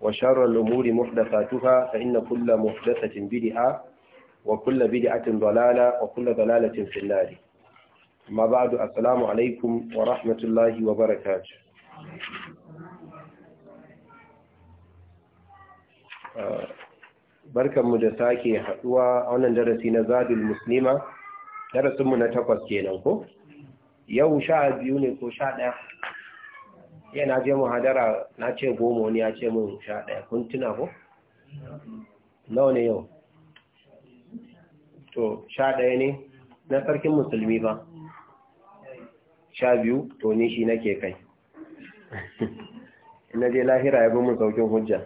وشر الأمور محدثاتها فإن كل محدثة بدعة وكل بدعة ضلالة وكل ضلالة في النار أما بعد السلام عليكم ورحمة الله وبركاته barkan mu da sake haduwa a wannan darasi na zadul muslima darasinmu na takwas kenan ko yau sha biyu ne ko sha ɗaya ya na je muhadara na ce goma wani ya ce mun sha ɗaya kun tuna ko? nawa ne yau to sha ɗaya ne na sarkin musulmi ba sha biyu to ni shi nake kai ina je lahira ya bi mun saukin hujja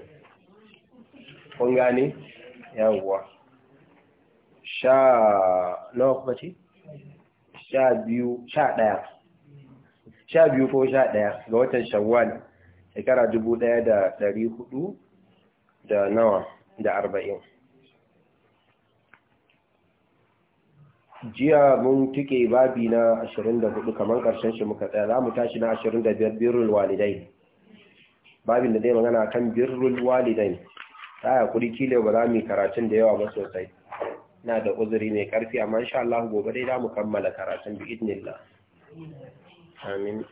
kun gane yawwa sha nawa kuma ce sha biyu sha ɗaya sha biyu ko sha ɗaya ga watan shawwal shekara dubu ɗaya da ɗari hudu da nawa da arba'in jiya mun tuke babi na ashirin da hudu kamar ƙarshen shi muka tsaya za mu tashi na ashirin da biyar birrul walidai babin da zai magana kan birrul walidai ta yi kuri kile ba za mu yi karatun da yawa ba sosai na da uzuri mai ƙarfi amma insha Allah gobe dai za mu kammala karatun bi idnillah amin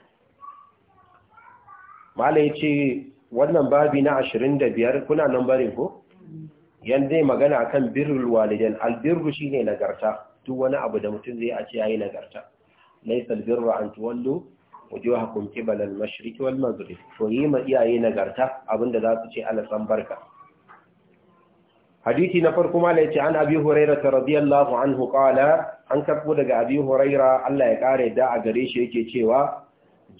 mala ya ce wannan babi na ashirin da biyar kuna nan barin ko yanzu magana kan birrul walidan albirru ne nagarta duk wani abu da mutum zai a ce yayi nagarta laysa albirru an tuwallu wujuhakum hakun kibalan mashiriki wal mazuri to yi ma iyaye nagarta abinda za su ce alasan san barka Hadithi na farko mala yace an abi hurairata radiyallahu anhu kala an karbo daga abi huraira Allah ya kare da a gare shi yake cewa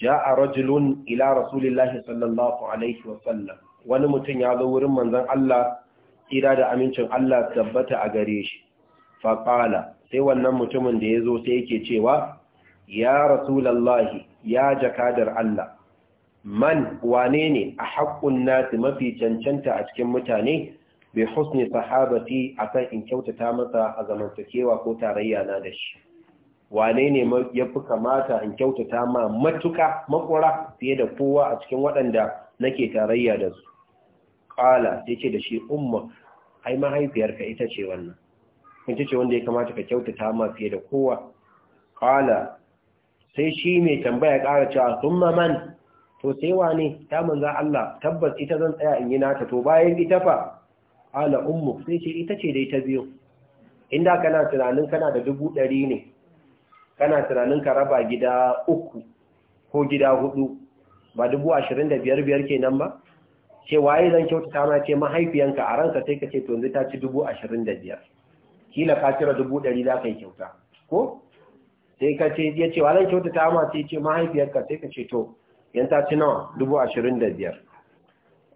ja'a rajulun ila rasulillahi sallallahu alaihi wa sallam wani mutum ya zo wurin manzon Allah tsira da amincin Allah tabbata a gare shi fa qala sai wannan mutumin da yazo sai yake cewa ya rasulullahi ya jakadar Allah man wane ne a haƙƙun nasi mafi cancanta a cikin mutane Bai husni sahabati akan in kyautata masa a zamantakewa ko tarayya na da shi wane ne ya fi kamata in kyautata ma matuka makwara fiye da kowa a cikin waɗanda nake tarayya da su ƙala ya ce da shi umma ai mahaifiyarka ita ce wannan ita ce wanda ya kamata ka kyautata ma fiye da kowa ƙala sai shi mai tambaya ƙara cewa sun man to sai wane ta manza Allah tabbas ita zan tsaya in yi nata to bayan ita fa ala ummu sai ce ita ce dai ta biyu inda kana tunanin kana da dubu ɗari ne kana tunanin ka raba gida uku ko gida hudu ba dubu ashirin da biyar biyar ke nan ba ce waye zan kyautata ma ce mahaifiyanka a ranka sai ka ce tunzi ta ci dubu ashirin da biyar kila ka cira dubu ɗari za ka yi kyauta ko sai ka ce ya ce wa zan kyautata ma sai ce mahaifiyarka sai ka ce to yanta ta ci nawa dubu ashirin da biyar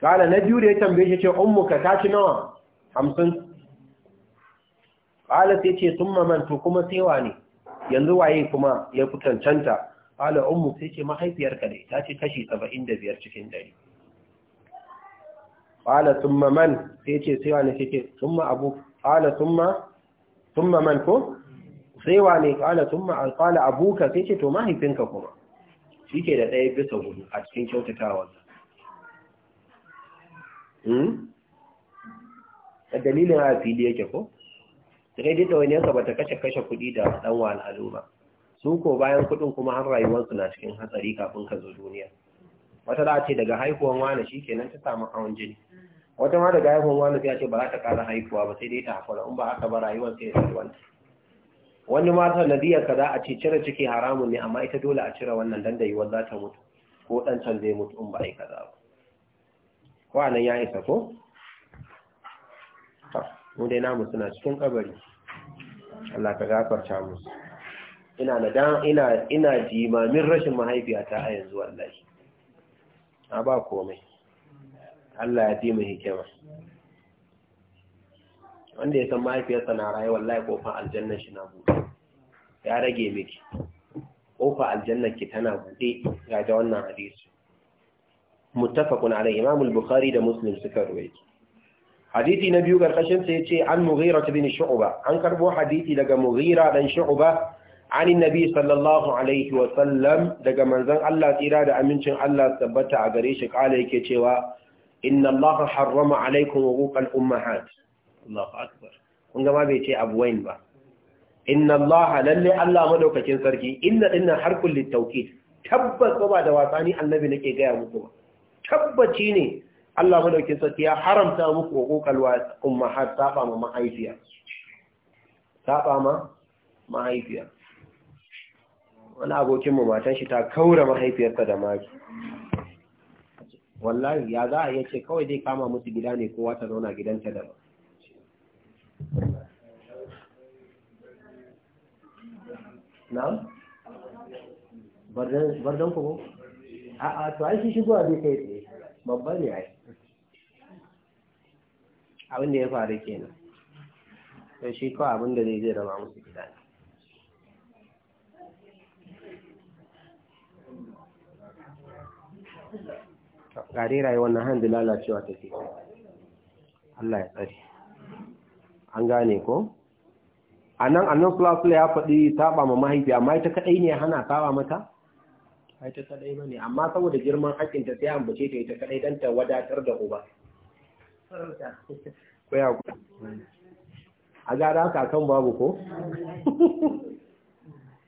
kala na biyu da ya tambaye shi ce ummuka ta ci nawa hamsin kala sai ce sun mamanto kuma saiwa ne, yanzu waye kuma ya fi cancanta kala ummu sai ce mahaifiyarka ne ta ce kashi saba'in da biyar cikin dari kala sun maman sai ce saiwa ne sai ce sun ma abu kala sun maman ko sai ne kala sun ma kala abuka sai ce to mahaifinka kuma shi ke da ɗaya bisa hudu a cikin kyautatawar. Hmm? a dalilin a fili yake ko sai dai ɗawainiyarsa ba ta kashe kashe kuɗi da ɗan wahalhalu ba su ko bayan kuɗin kuma har rayuwarsu na cikin hatsari kafin ka zo duniya wata da ce daga haihuwan wani shi kenan ta samu hawan jini wata ma daga haihuwan wani ta ce ba za ta kara haihuwa ba sai dai ta haƙura in ba haka ba rayuwar sai ya salwanta wani mata nadiyar ka za a ce cire ciki haramun ne amma ita dole a cire wannan dan da za ta mutu ko ɗan can zai mutu in ba a yi kaza ba wa'anan ya isa ko? mu dai namu suna cikin kabari Allah ka gafarta musu ina da ina ina jimamin rashin mahaifiyata a yanzu wallahi a ba komai Allah ya fi mu hikima wanda ya san mahaifiyarsa na rayuwa, wallahi kofar aljanna shi na buɗe ya rage miki kofar aljanna ki tana buɗe ga da wannan hadisi muttafaqun alaihi imam al-bukhari da muslim suka rawaito hadisi na biyu karkashin ya ce an mughira bin shu'ba an karbo hadisi daga mughira dan shu'ba an annabi sallallahu alaihi wa sallam daga manzon Allah sira da amincin Allah tabbata a gare shi kala yake cewa inna Allah harrama alaikum uquqal ummahat Allahu akbar kun ga bai ce abu abuwain ba inna Allah lalle Allah madaukakin sarki inna har harkul litawkid tabbas ba da wasani annabi nake gaya muku ba tabbaci ne Allah madaukin sarki ya haramta muku wa umma har saba ma mahaifiya saba ma mahaifiya wani abokinmu matan shi ta kaura mahaifiyarta da maki wallahi ya za a ce kawai dai kama musu gida ne kowa ta zauna gidanta da bardan ku a'a to ai shi shigowa zai kai tsaye babba ne ai abin da ya faru kenan to shi kawai abin da zai zai rama musu gida ne gare rayuwar na hannu lalacewa ta take Allah ya tsari an gane ko a nan annan ya faɗi taɓa ma mahaifi amma ita kaɗai ne hana saba mata ba ta kadai ba ne amma saboda girman haƙƙinta sai an bace ta ita kadai don ta wadatar da uba ko ya a gara ka kan babu ko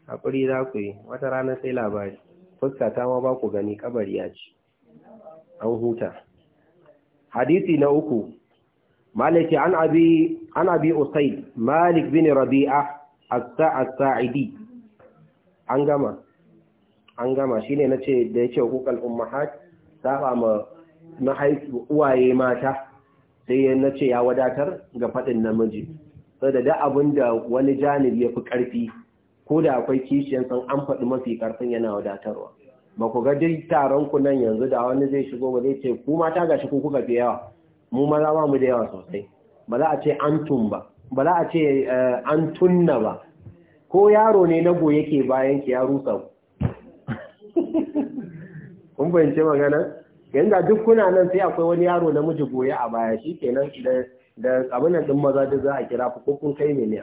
haƙuri za ku yi wata rana sai labari fuska ta ma ba ku gani kabari ya ci an huta hadisi na uku مالك عن أبي عن أبي أسيد مالك بن ربيعة الساعدي عن جمع an gama shine na ce da yake hukukal ummahat saba ma na haihu uwaye mata sai ya na ce ya wadatar ga faɗin namiji sai da da abin da wani janibi ya fi ƙarfi ko da akwai kishiyan san an faɗi mafi karfin yana wadatarwa ba ku ga dai taron ku nan yanzu da wani zai shigo ba zai ce ku mata ga shi kuka fi yawa mu maza ba mu da yawa sosai ba za a ce antum ba ba za a ce eh, an tunna ba ko yaro ne na goye ke bayan ki ya rusa ku kun fahimci magana yanda duk kuna nan sai akwai wani yaro namiji goye a baya shi kenan da abin nan din maza da za a kira ku kun kai ne ne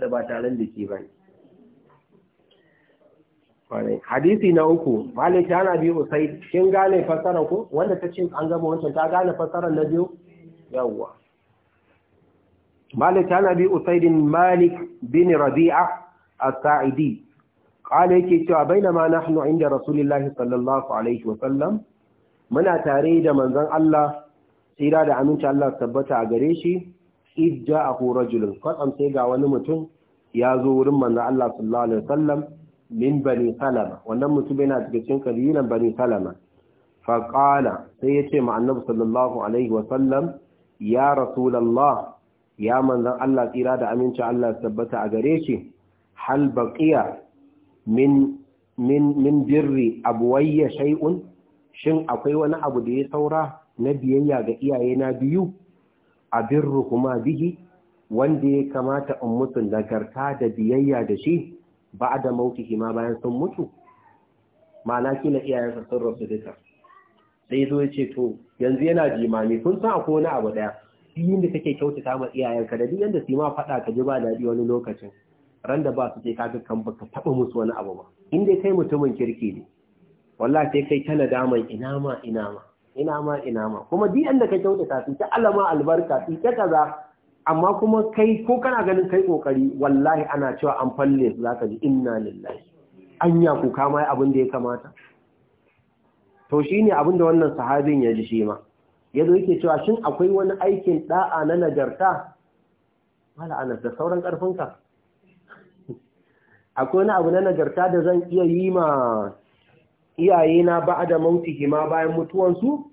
da ba taron da ba ne hadisi na uku malik ya na biyu sai kin gane fassara ko wanda ta ce an gama wancan ta gane fassara na biyu yawwa malik ta na biyu usaidin malik bin rabi'a a saidi qala yake cewa bainama a inda rasulillahi sallallahu alaihi wa sallam muna tare da manzan Allah tsira da aminci Allah tabbata a gare shi idda ahu rajulun kwatsam sai ga wani mutum ya zo wurin manzon Allah sallallahu alaihi wa sallam min bani salama wannan mutum yana daga cikin kabilan bani salama fa sai yace ma annabi sallallahu alaihi wa sallam ya rasulallah, ya manzon Allah tsira da aminci Allah tabbata a gare shi hal baƙiya min min min birri abuwayya shay'un shin akwai wani abu da ya saura na biyayya ga iyaye na biyu a birru kuma bihi wanda ya kamata in mutu nagarta da biyayya da shi ba da mauti ma bayan sun mutu ma'ana kila iyayensa sun rabu duka sai zo ya ce to yanzu yana jimami kun san akwai wani abu daya duk da kake kyautata ma iyayenka da duk yanda su ma faɗa ka ji ba daɗi wani lokacin ran da ba su ce kaga kan baka taba musu wani abu ba in dai kai mutumin kirki ne wallahi sai kai ta nadaman ina ma ina ma ina ma ina ma kuma duk da ka kyauta ta ta alama albarka su ta kaza amma kuma kai ko kana ganin kai kokari wallahi ana cewa an falle su zaka ji inna lillahi anya ku mai abin da ya kamata to shine abin da wannan sahabin ya ji shi ma yazo yake cewa shin akwai wani aikin da'a na nagarta mala anas da sauran karfinka akwai wani abu na nagarta da zan iya yi ma iyaye na ba da mautihi ma bayan mutuwansu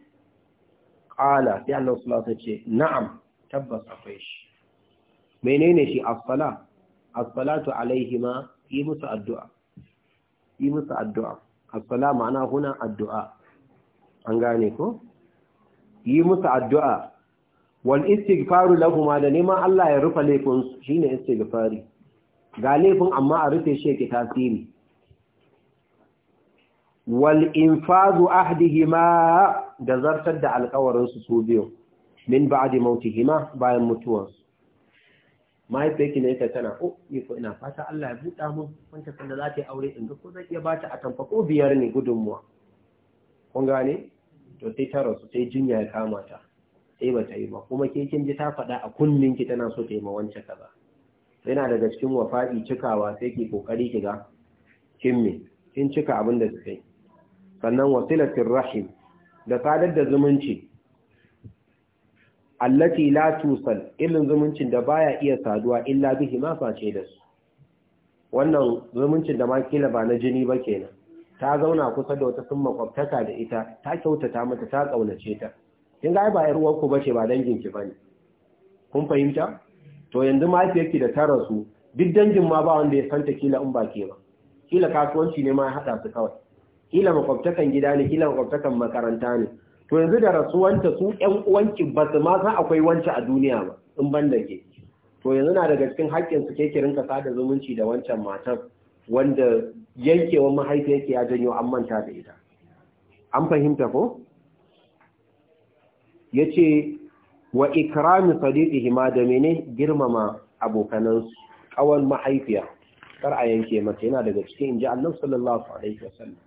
ƙala sai Allah sulasa ce na'am tabbas akwai shi menene shi asfala sala as alaihima yi musu addu'a yi musu addu'a asfala ma'ana huna addu'a an gane ko yi musu addu'a wal istighfaru lahum da neman Allah ya rufa laifinsu shine istighfari ga laifin amma a rufe shi yake tasiri wal infazu ahdihima da zartar da alƙawarin su su biyu min ba'di mautihima bayan mai mahaifiyarki ne yake tana o oh, ni ina fata Allah ya buɗa mun wanda sanda za ta yi aure in ga ko zai iya bata a tamfa ko biyar ne gudunmuwa kun gane to sai ta rasu sai jinya ya kama ta sai ba ta yi ba kuma ke kin ji ta faɗa a kunninki tana so ta yi ma wancan kaza yana daga cikin wafa'i cikawa sai ke kokari ki ga kin cika abin da suke sannan wasilatir rahim da sadar da zumunci allati la tusal irin zumuncin da baya iya saduwa illa bihi ma face da su wannan zumuncin da ma kila ba na jini ba kenan ta zauna kusa da wata sun makwabtaka da ita ta kyautata mata ta kaunace ta kin ga ba yar uwarku bace ba dangin ki bane kun fahimta to yanzu mahaifiyarki da ta rasu duk dangin ma ba wanda ya santa kila in ba ke ba kila kasuwanci ne ma ya haɗa su kawai kila makwabtakan gida ne kila makwabtakan makaranta ne to yanzu da rasuwanta su ƴan uwanki ba su ma san akwai wancan a duniya ba in ban da ke to yanzu na daga cikin haƙƙin su ke ka sada zumunci da wancan matar wanda yankewar mahaifiyarki ya janyo an manta da ita an fahimta ko yace wa ikrami sadiqihi ma da mene girmama abokanansu kawan mahaifiya kar a yanke mata yana daga cikin inji Allah sallallahu alaihi wasallam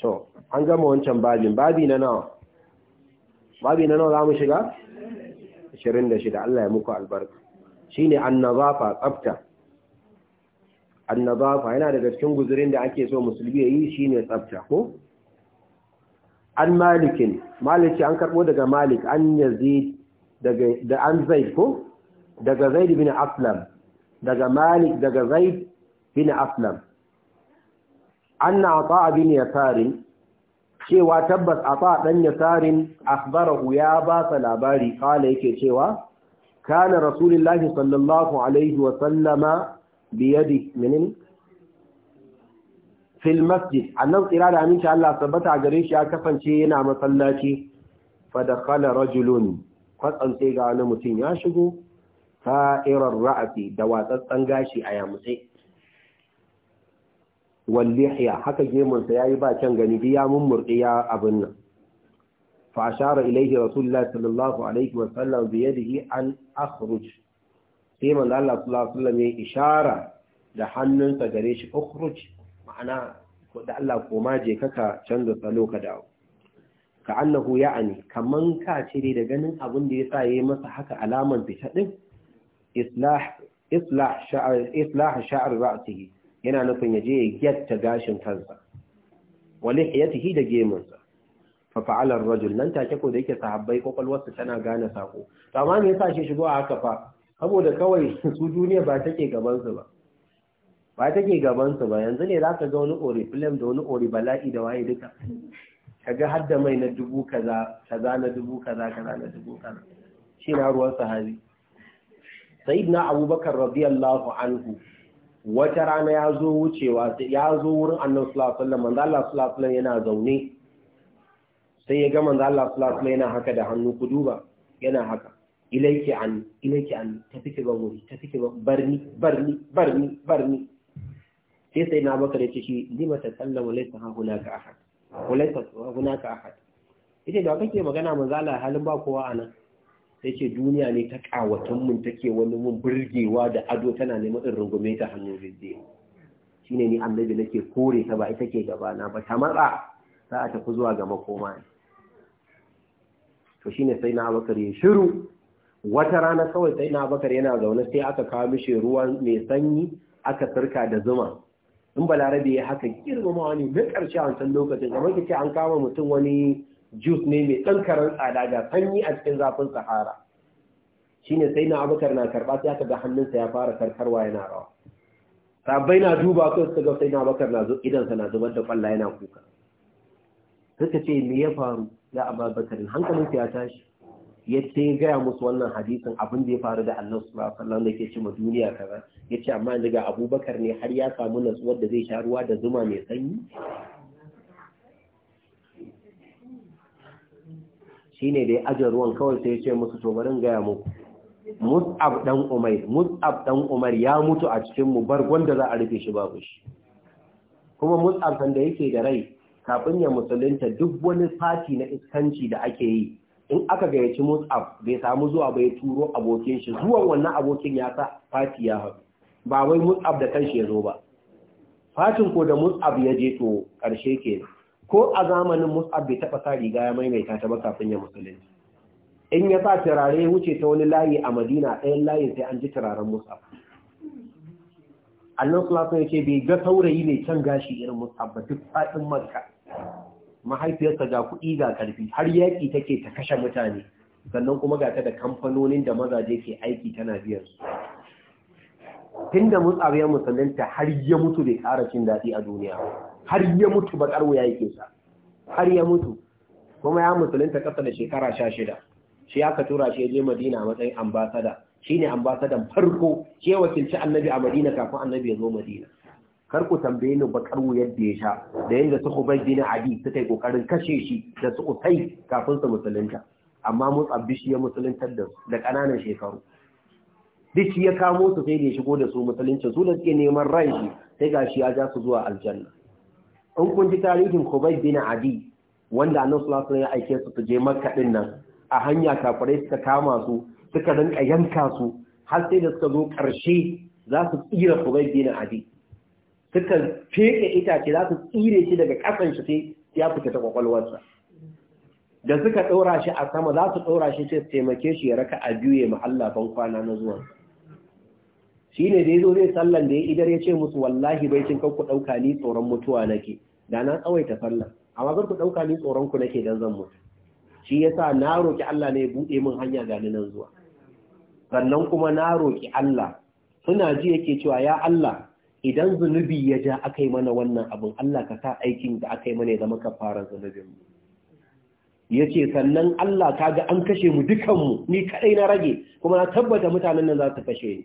to an gama wancan babin babi na nawa babi na nawa zamu shiga 26 Allah ya muku albarka shine annazafa tsafta annazafa yana daga cikin guzurin da ake so musulmi yayi shine tsafta ko an malikin maliki an karbo daga malik an yazid daga da an zaid ko daga zaid bin aslam daga malik daga zaid bin aslam anna ata bin yasarin cewa tabbas ata dan yasarin akhbarahu ya ba sa labari kala yake cewa kana rasulullahi sallallahu alaihi wa sallama biyadi minin fil masjid annan tsira da aminci Allah sabbata gare shi ya kasance yana masallaci fa dakhala rajulun kwatsance ga wani mutum ya shigo fa'irar ra'afi da watsatsan gashi a yamutse wallihiya haka gemunsa ya yi ba can gani bi ya mummurɗe ya abin nan fa ashara ilaihi rasulullah sallallahu alaihi wa wasallam bi yadihi an akhruj sai manzo Allah sallallahu alaihi wasallam ya ishara da hannunsa gare shi ukhruj ma'ana da Allah koma je kaka canza salo ka dawo ka annahu ya'ani kaman ka cire da ganin abin da yasa yayi masa haka alaman fita din islah islah sha'r islah sha'r ra'sihi yana nufin yaje ya gyatta gashin kansa walihiyatihi da gemunsa fa fa'ala ar-rajul nan take ko da yake sahabbai kokalwarsa tana gane sako to amma me yasa shi shigo a haka fa saboda kawai su duniya ba take gaban su ba ba ke gabansu ba yanzu ne za ka ga wani ori oriflame da wani ori bala'i da waye duka ka ga hadda mai na dubu kaza kaza na dubu kaza kaza na dubu kaza shi na ruwan sahabi na abubakar radiyallahu anhu wata rana ya zo wucewa ya zo wurin annan sallallahu alaihi manzo Allah sallallahu yana zaune sai ya ga manzo Allah sallallahu yana haka da hannu ku duba yana haka ilaiki an ilaiki an tafi ki ga wuri tafi ki barni barni barni barni sai sai na bakar ya shi lima ta tsalla laisa hunaka ahad ahad ita da kake magana mun zala halin ba kowa nan sai ce duniya ne ta kawatan mun take wani mun burgewa da ado tana neman in rungume ta hannun Shi ne ni annabi nake kore ta ba ita ke gaba na ba ta matsa za a tafi zuwa ga makoma ne to ne sai na Abakar ya shiru wata rana kawai sai na Abakar yana zaune sai aka kawo mishi ruwan mai sanyi aka sarka da zuma in balarabe ya haka girmamawa ne na ƙarshe a wancan lokacin kamar ki an kama mutum wani jus ne mai ɗan karan tsada ga sanyi a cikin zafin sahara shine sai na abubakar na karɓa sai aka ga hannunsa ya fara karkarwa yana rawa sabai na duba ko su ga sai na abubakar na idansa na zubar da kwalla yana kuka suka ce me ya faru ya abubakar hankalinsa ya tashi Yadda ya gaya musu wannan hadisin abin da ya faru da Allah subhanahu sallam da ke ce ma duniya kaza ya ce amma daga abubakar ne har ya samu natsuwar da zai sha ruwa da zuma mai sanyi shine da ya ajiye ruwan kawai sai ya ce musu to barin gaya muku Mus'ab dan Umar Mus'ab dan Umar ya mutu a cikin mu bar gwanda za a rufe shi babu shi kuma Mus'ab san da yake da rai kafin ya musulunta duk wani fati na iskanci da ake yi in aka gayyaci mus'ab bai samu zuwa bai turo abokin shi zuwan wannan abokin ya sa fati ya hau ba wai mus'ab da kanshi ya zo ba fatin ko da mus'ab ya je to ƙarshe ke ko a zamanin mus'ab bai taba sa riga ya maimaita ta ba kafin ya musulunci in ya sa turare wuce ta wani layi a madina ɗayan layi sai an ji turaren mus'ab annan sulasa ya ce bai ga saurayi mai can gashi irin mus'ab ba duk faɗin makka mahaifiyarsa ga kuɗi ga ƙarfi har yaƙi take ta kashe mutane sannan kuma ga ta da kamfanonin da mazaje ke aiki tana biyan su tun da mutsar ya musulunta har ya mutu bai ƙara cin daɗi a duniya har ya mutu ƙarwo ya yake sa har ya mutu kuma ya musulunta ƙasa da shekara sha shida shi aka tura shi ya je madina a matsayin ambasada shi ne ambasadan farko shi ya wakilci annabi a madina kafin annabi ya zo madina kar ku tambaye ni bakar wuyar da ya sha da yadda su ku bai adi su yi kokarin kashe shi da su usai kafin su musulunta amma mun tsabbi shi ya musuluntar da da ƙananan shekaru duk shi ya kamo su sai da ya shigo da su musulunci su da suke neman rai shi sai gashi ya ja su zuwa aljanna in kun ji tarihin kubai bin Adi wanda Annabi sallallahu alaihi wasallam ya aike su su je Makka din nan a hanya kafirai suka kama su suka rinka yanka su har sai da suka zo ƙarshe za su tsira kubai bin Adi suka feke itace za su tsire shi daga ƙasan shi sai ya fita ta kwakwalwarsa da suka ɗora shi a sama za su ɗora shi sai taimake shi ya raka a biyu ya ban kwana na zuwa shi ne da ya zo zai sallan da ya idar ya ce musu wallahi bai cin kan ku ɗauka ni tsoron mutuwa nake da na tsawaita sallan amma kar ku ɗauka ni tsoron ku nake dan zan mutu shi ya sa na roƙi Allah ne ya buɗe min hanya ga nan zuwa sannan kuma na roƙi Allah suna ji yake cewa ya Allah idan zunubi ya ja aka yi mana wannan abin Allah ka sa aikin da aka yi mana ya zama ka fara zunubinmu ya ce sannan Allah ka ga an kashe mu dukanmu ni kaɗai na rage kuma na tabbata mutanen nan za su kashe ni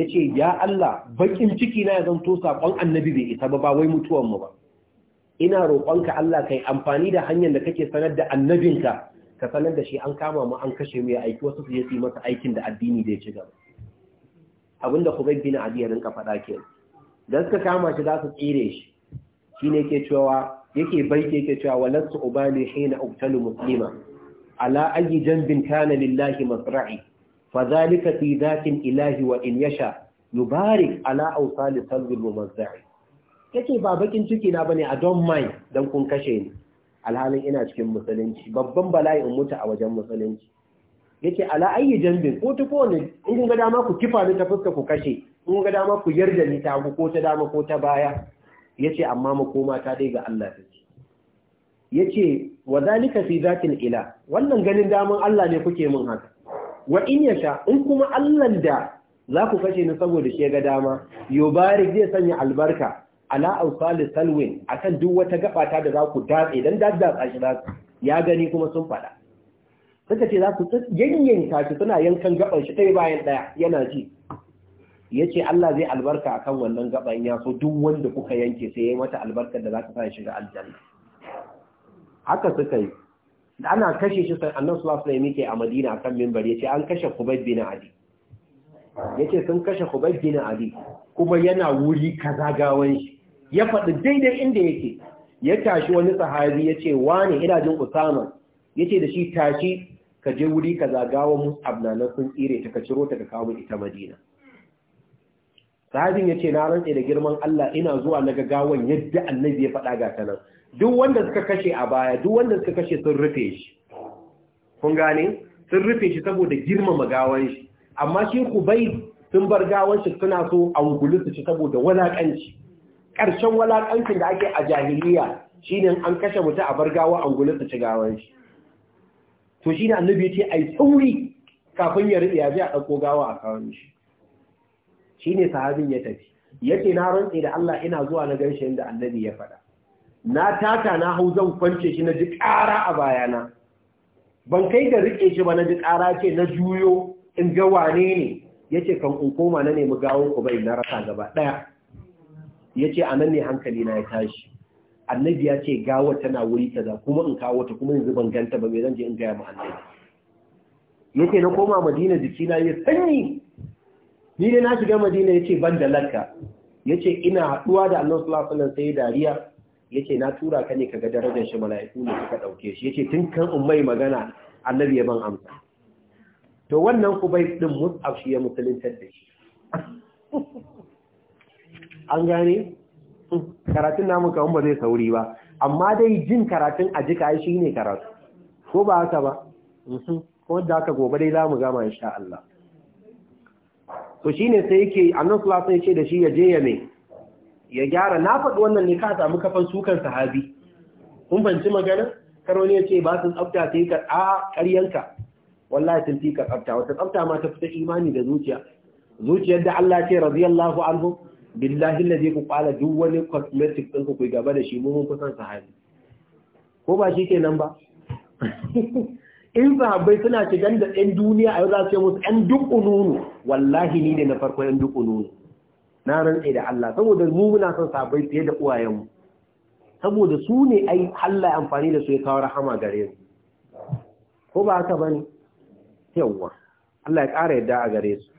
ya ce ya Allah baƙin ciki na ya zanto saƙon annabi bai isa ba ba wai mutuwanmu ba ina roƙonka Allah ka yi amfani da hanyar da kake sanar da annabinka ka sanar da shi an kama mu an kashe mu ya aiki wasu su yi masa aikin da addini da ya ci gaba abinda Khubayb bin Adi ya rinka faɗa ke. Da suka kama shi za su tsire shi shine ke cewa yake baiti ke cewa walattu ubali hina utalu muslima ala ayi janbin kana lillahi masra'i zalika fi dhatin ilahi wa in yasha yubarik ala awsali salbil mumazza'i yake ba bakin ciki na bane a don mai dan kun kashe ni alhalin ina cikin musulunci babban bala'i in mutu a wajen musulunci yace ala ayi jambin ko ta kowane in ga dama ku kifa ni ta fuska ku kashe in ga dama ku yarda ni ta ko ta dama ko ta baya yace amma mu koma ta dai ga Allah take yace wa zalika fi zatil ila wannan ganin daman Allah ne kuke min haka wa in yasha in kuma Allah da za ku kashe ni saboda shi ga dama yubarik zai sanya albarka ala awsalis salwin akan duk wata ta da za ku datse dan daddatsa shi ya gani kuma sun fada suka ce za su yanyanka shi suna yankan gaban shi ɗaya bayan ɗaya yana ji ya ce Allah zai albarka a kan wannan gaban ya so duk wanda kuka yanke sai ya yi mata albarkar da za ka sa shiga aljanna haka suka yi da ana kashe shi sai annan su lasu yake a madina a kan mimbar ya ce an kashe kubai bin adi ya ce sun kashe kubai bin adi kuma yana wuri kaza gawan shi ya faɗi daidai inda yake ya tashi wani sahabi ya ce wane ina jin usama yace da shi tashi ka je wuri ka zagawa mu abnanan sun tsire ta ka ciro ta ka kawo ita madina sahabin ce na rantse da girman Allah ina zuwa na gagawan yadda annabi ya faɗa ga ta duk wanda suka kashe a baya duk wanda suka kashe sun rufe shi kun gane sun rufe shi saboda girmama gawan shi amma shi kubai sun bar gawan shi suna so a wugulu su ci saboda walakanci ƙarshen walakancin da ake a jahiliya shine an kashe mutu a bar gawa a wugulu su ci gawan shi to shi ne annabi ya ce ai sauri kafin ya rufe ya ji a ɗauko gawa a kawo shi shi ne sahabin ya tafi ya ce na rantse da Allah ina zuwa na ganshe da annabi ya faɗa na taka na hau zan kwance shi na ji ƙara a bayana ban kai da riƙe shi ba na ji ƙara ce na juyo in ga wane ne ya ce kan in koma na nemi gawon ku bai na rasa gaba ɗaya ya ce a nan ne hankali na ya tashi annabi ya ce gawa tana wuri kaza kuma in kawo ta kuma yanzu ban ganta ba me zan je in gaya ma annabi yace na koma madina jikina ya sanyi ni dai na shiga madina yace ban da lakka yace ina haduwa da annabi sallallahu alaihi wasallam sai dariya yace na tura ka ne ka ga darajar shi mala'iku ne suka dauke shi yace tun kan ummai magana annabi ya ban amsa to wannan kubai din mus'ab shi ya musulunta da shi an gane karatun namu kawun ba zai sauri ba amma dai jin karatun a jika shi ne karatu ko ba haka ba mhm. ko da aka gobe dai za mu gama insha Allah to shine sai yake annan sulasa ya ce da shi ya je ya ne ya gyara na faɗi wannan ne ka samu kafan sukan sahabi kun banci magana karo ne ya ce ba sun tsafta ta yi ka a ƙaryanka wallahi sun fi ka tsafta wata tsafta ma ta fita imani da zuciya zuciyar da Allah ce ra'ziyallahu anhu billahi lazi ku kwala duk wani cosmetic ɗin ku gaba da shi mun kusan hali ko ba shi ke nan ba in sahabbai suna shigan da ɗan duniya a yau za su yi musu ɗan duk ununu wallahi ni ne na farko ɗan duk ununu na rantse da Allah saboda mu muna son sahabbai fiye da uwayenmu saboda su ne ai Allah ya amfani da su ya kawo rahama gare su ko ba haka bane yawwa Allah ya ƙara yadda a gare su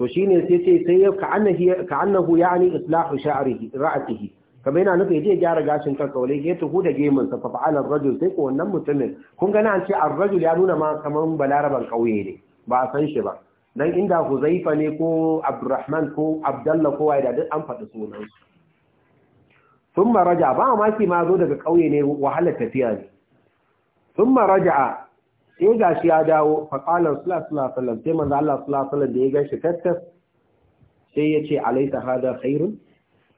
to shine sai ce sai ya ka'annahu ka'annahu yani islahu sha'rihi ra'atihi kamar yana nufi je gyara gashin kansa wale ya tuhu da gemin sa fa'ala rajul sai ko wannan mutumin kun gana an ce ar-rajul ya nuna ma kaman balaraban kauye ne ba a san shi ba dan inda Huzaifa ne ko Abdurrahman ko abdallah ko wai da duk an faɗi sunan su thumma raja ba ma ma zo daga kauye ne wahalar tafiya ne Sun raja sai ga shi ya dawo faƙalar sulasulasala sai manzo Allah sulasala da ya gan shi tattas sai ya ce alaita hada khairun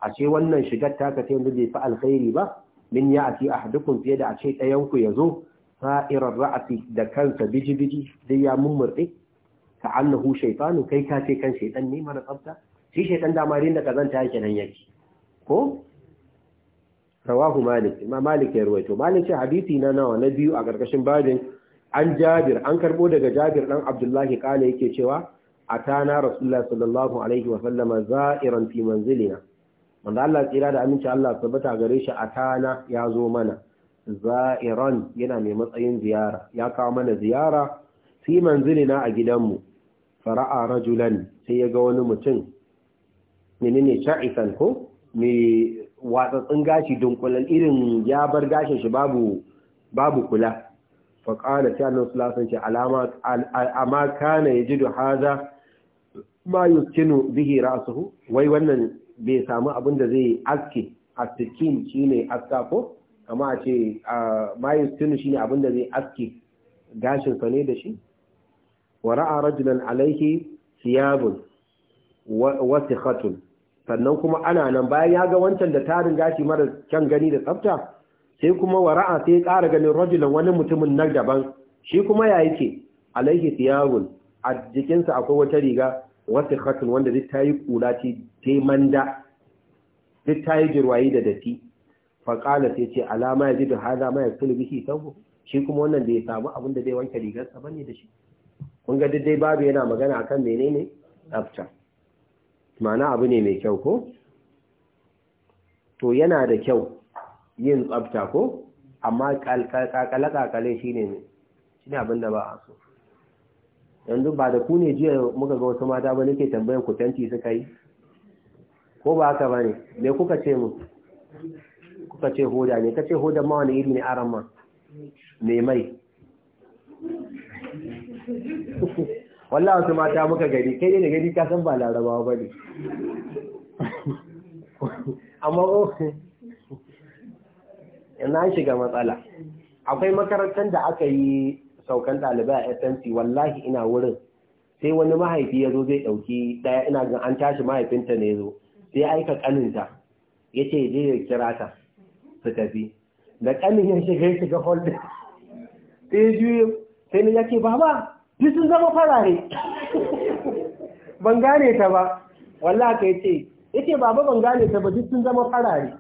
a ce wannan shigar taka ta wanda bai fi alkhairi ba min ya ati ahadukum fiye da a ce ɗayanku ya zo sa'irar ra'asi da kansa biji-biji dai ya mummurɗe ka annahu shaitanu kai ka ce kan shaitan ne mara tsafta shi shaitan dama rinda zanta yake nan yake ko rawahu malik ma malik ya ruwaito malik ce hadisi na nawa na biyu a ƙarƙashin babin an jabir an karbo daga jabir dan abdullahi kala yake cewa atana rasulullahi sallallahu alaihi wa sallam za'iran fi manzilina manzo Allah tsira da aminci Allah tabbata gare shi atana ya zo mana za'iran yana mai matsayin ziyara ya kawo mana ziyara fi manzilina a gidanmu fara'a rajulan sai ya ga wani mutum menene sha'isan ko mai watsatsin gashi dunkulan irin ya bar gashin shi babu babu kula faƙala ta annan sulasan ce alama kana ya ji haza ma yuskinu bihi ra'asuhu wai wannan bai samu abin da zai aske astikin shine aska ko amma a ce ma yuskinu shine abin da zai aske gashin sa ne da shi wa ra'a rajulan alaihi thiyabun wasikhatun sannan kuma ana nan bayan ya ga wancan da tarin gashi mara kyan gani da tsafta sai kuma wara'a sai ƙara ganin rajulan wani mutumin na daban shi kuma ya yake alaihi siyarun a jikinsa akwai wata riga wasu khatun wanda duk ta yi kula ce ta manda duk ta yi jirwayi da dati faƙala sai ce alama ya ji da hada ma ya sulu bihi sabu shi kuma wannan da ya samu abin da zai wanke rigarsa ba ne da shi kun ga dai babu yana magana akan menene tsafta ma'ana abu ne mai kyau ko to yana da kyau yin tsabta ko amma kakale-kakale shi ne shi ne abinda ba a so yanzu ba da ku ne jiya muka ga wasu mata ba nake tambayar ku tanti suka yi ko ba haka ba ne me kuka ce mu kuka ce hoda ne ka ce hoda ma wani iri ne aran ma me mai wallah wasu mata muka gari kai ne da gari ka san ba larabawa ba ne amma yanzu shiga matsala akwai makarantar da aka yi saukan ɗalibai a SMC wallahi ina wurin sai wani mahaifi ya zo zai ɗauki ɗaya ina gan an tashi mahaifinta ne zo sai aika ƙaninta ya ce je ya kira ta su tafi da ƙanin ya shiga ya shiga holding sai juyi sai ya ce baba duk sun zama farare ban gane ta ba wallahi ka ya ce ya ce baba ban gane ta ba duk sun zama farare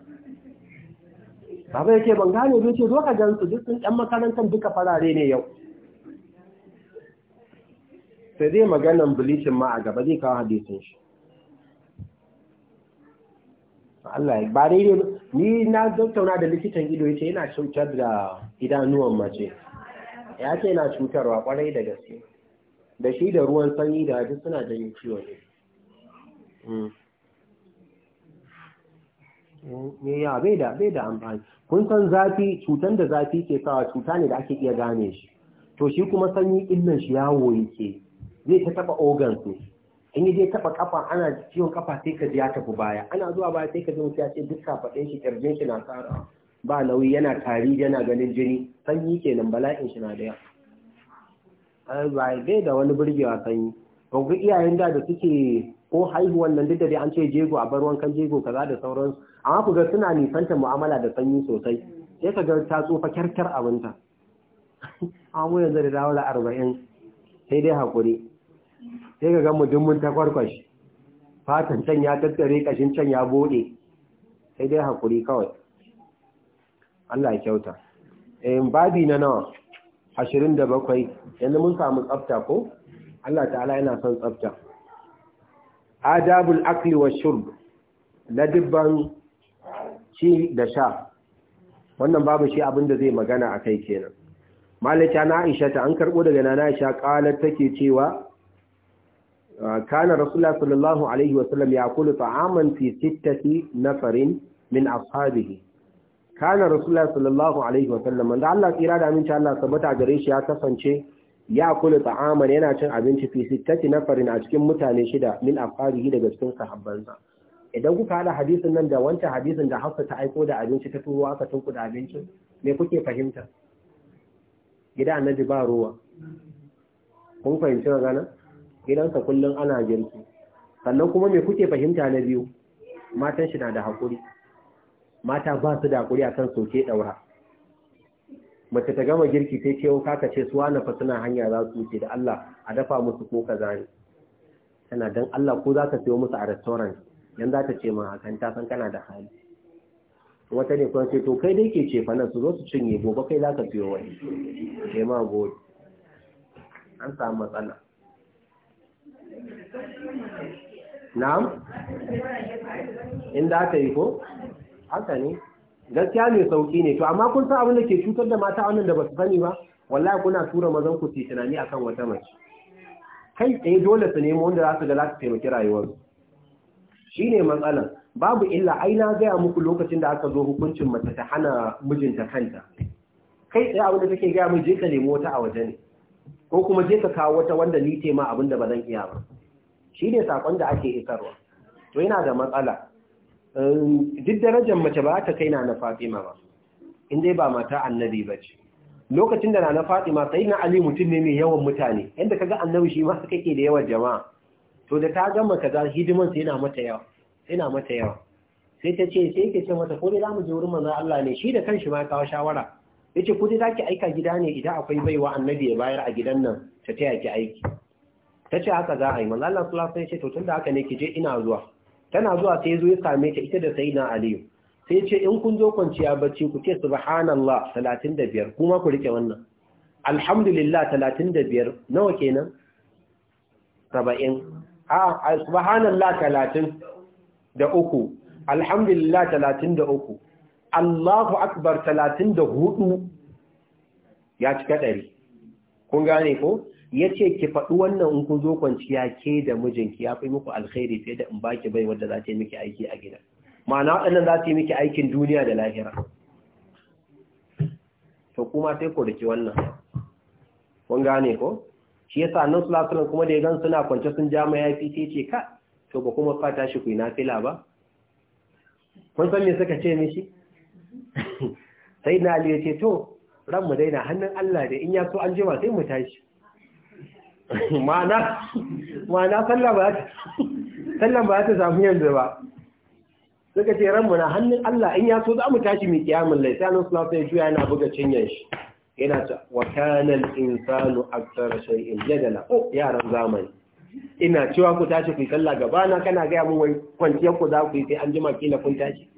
baba yake ban gane ba ce doka gan su duk ɗan makarantar duka farare ne yau sai zai maganan bilishin ma a gaba zai kawo hadisin shi Allah ya ba ne ni na tattauna da likitan ido yace yana cutar da idanuwan mace ya ce yana cutarwa kwarai da gaske da shi da ruwan sanyi da duk suna janyo ciwo ne Eh, ya bai da bai da amfani kun san zafi cutan da zafi ke sawa cuta ne da ake iya gane shi to shi kuma sanyi illan shi yawo yake zai ta taba organ su in yi zai taba kafa ana ciwon kafa sai ka ji ya tafi baya ana zuwa baya sai ka ji mutu ya ce duk kafaɗin shi ƙirjin shi na tsara ba nauyi yana tari yana ganin jini sanyi kenan bala'in shi na da yawa bai da wani burgewa sanyi ga iyayen da da suke ko haihuwan nan duk da dai an ce jego a bar wankan jego kaza da sauransu amma ku ga suna nisanta mu'amala da sanyi sosai sai ka ga ta tsufa kyarkyar abinta amma mu yanzu da dawala arba'in sai dai haƙuri sai ka ga mu dummun ta kwarkwashi fatan can ya tattare ƙashin can ya bude sai dai haƙuri kawai Allah ya kyauta eh, babi na nawa ashirin da bakwai yanzu mun samu tsafta ko Allah ta'ala yana son tsafta adabul akli wa shurb ladibban ci da sha wannan babu shi abin da zai magana a kai kenan malaka na aisha ta an karbo daga nana aisha qalat take cewa ah, kana rasulullahi sallallahu alaihi wasallam yaqulu ta'aman fi sittati nafarin min ashabihi kana rasulullahi sallallahu alaihi wasallam wanda Allah tsira da aminci Allah sabata gare shi ya kasance ya kula ta'aman yana cin abinci fi sittati nafarin a cikin mutane shida min afarihi daga cikin sahabbansa idan kuka hada hadisin nan da wancan hadisin da hafsa ta aiko da abinci ta turo aka tunku da abinci me kuke fahimta gida annabi ba ruwa kun fahimci magana gidansa kullum ana girki sannan kuma me kuke fahimta na biyu matan shi na da hakuri mata ba su da hakuri akan soke ɗaura. mace ta gama girki sai ce kaka ce suwa na fa suna hanya za su ce da Allah a dafa musu ko kaza ne tana dan Allah ko za ka sayo musu a restaurant dan za ta ce ma hakan ta san kana da hali wata ne kuma ce to kai dai ke ce fa nan su zo su cinye gobe kai za ka siyo wani ke ma gobe an samu matsala na'am inda aka yi ko haka ne gaskiya ne sauki ne to amma kun san abin da ke cutar da mata wannan da ba su sani ba wallahi kuna tura mazan ku su tunani akan wata mace kai tsaye dole su nemo wanda za su ga za su taimaki rayuwarsu Shi ne matsalar, babu illa ai na gaya muku lokacin da aka zo hukuncin mace ta hana mijinta kanta kai tsaye abinda take gaya mai je ka nemi wata a waje ne ko kuma je ka kawo wata wanda ni ce ma abin ba zan iya ba shi ne sakon da ake isarwa to yana da matsala uhm, duk darajar mace ba ta kai na na fatima ba in dai ba mata annabi ba ce lokacin da na na fatima sai na ali mutum ne mai yawan mutane yadda ka ga annabi shi ma kake da yawan jama'a to da ta gama kaza hidiman sai yana mata yawa yana mata yawa sai ta ce sai ke ce mata ko dai zamu je wurin manzon Allah ne shi da kanshi ma kawo shawara yace ku dai zaki aika gida ne idan akwai baiwa annabi ya bayar a gidan nan ta taya ki aiki ta ce haka za a yi manzon Allah sallallahu alaihi wasallam ya ce to tunda haka ne ki je ina zuwa tana zuwa sai zo ya same ta ita da sayyidina Aliyu sai ce in kun zo kwanciya bacci ku ce subhanallah 35 kuma ku rike wannan alhamdulillah 35 nawa kenan A'a, subhanallah talatin da uku alhamdulillah talatin da uku allahu akbar talatin da hudu ya cika ɗari kun gane ko ya ce ki faɗi wannan in kun zo kwanciya ke da mijinki ya fi muku alkhairi fiye da in baki bai wadda za ta yi miki aiki a gida ma'ana waɗannan za ta yi miki aikin duniya da lahira to kuma sai ku riki wannan kun gane ko shi yasa annabi sallallahu alaihi kuma da ya gan suna kwance sun ja mayafi sai ce ka to ba kuma fata shi ku yi fila ba kun san me suka ce mishi sai na ali ya ce to ran mu daina hannun Allah da in ya so an jima sai mu tashi ma'ana ma'ana sallah ba sallan ba ta samu yanzu ba suka ce ran mu na hannun Allah in ya so za mu tashi mu kiyamul lai sai annabi sallallahu alaihi wasallam ya juya yana buga cinyar shi yana ta wa kana al-insanu aktsara shay'in jadala oh yaran zamani ina cewa ku tashi ku yi sallah gaba na kana ga mu wai kwanciyar ku za ku yi sai an jima kila kun tashi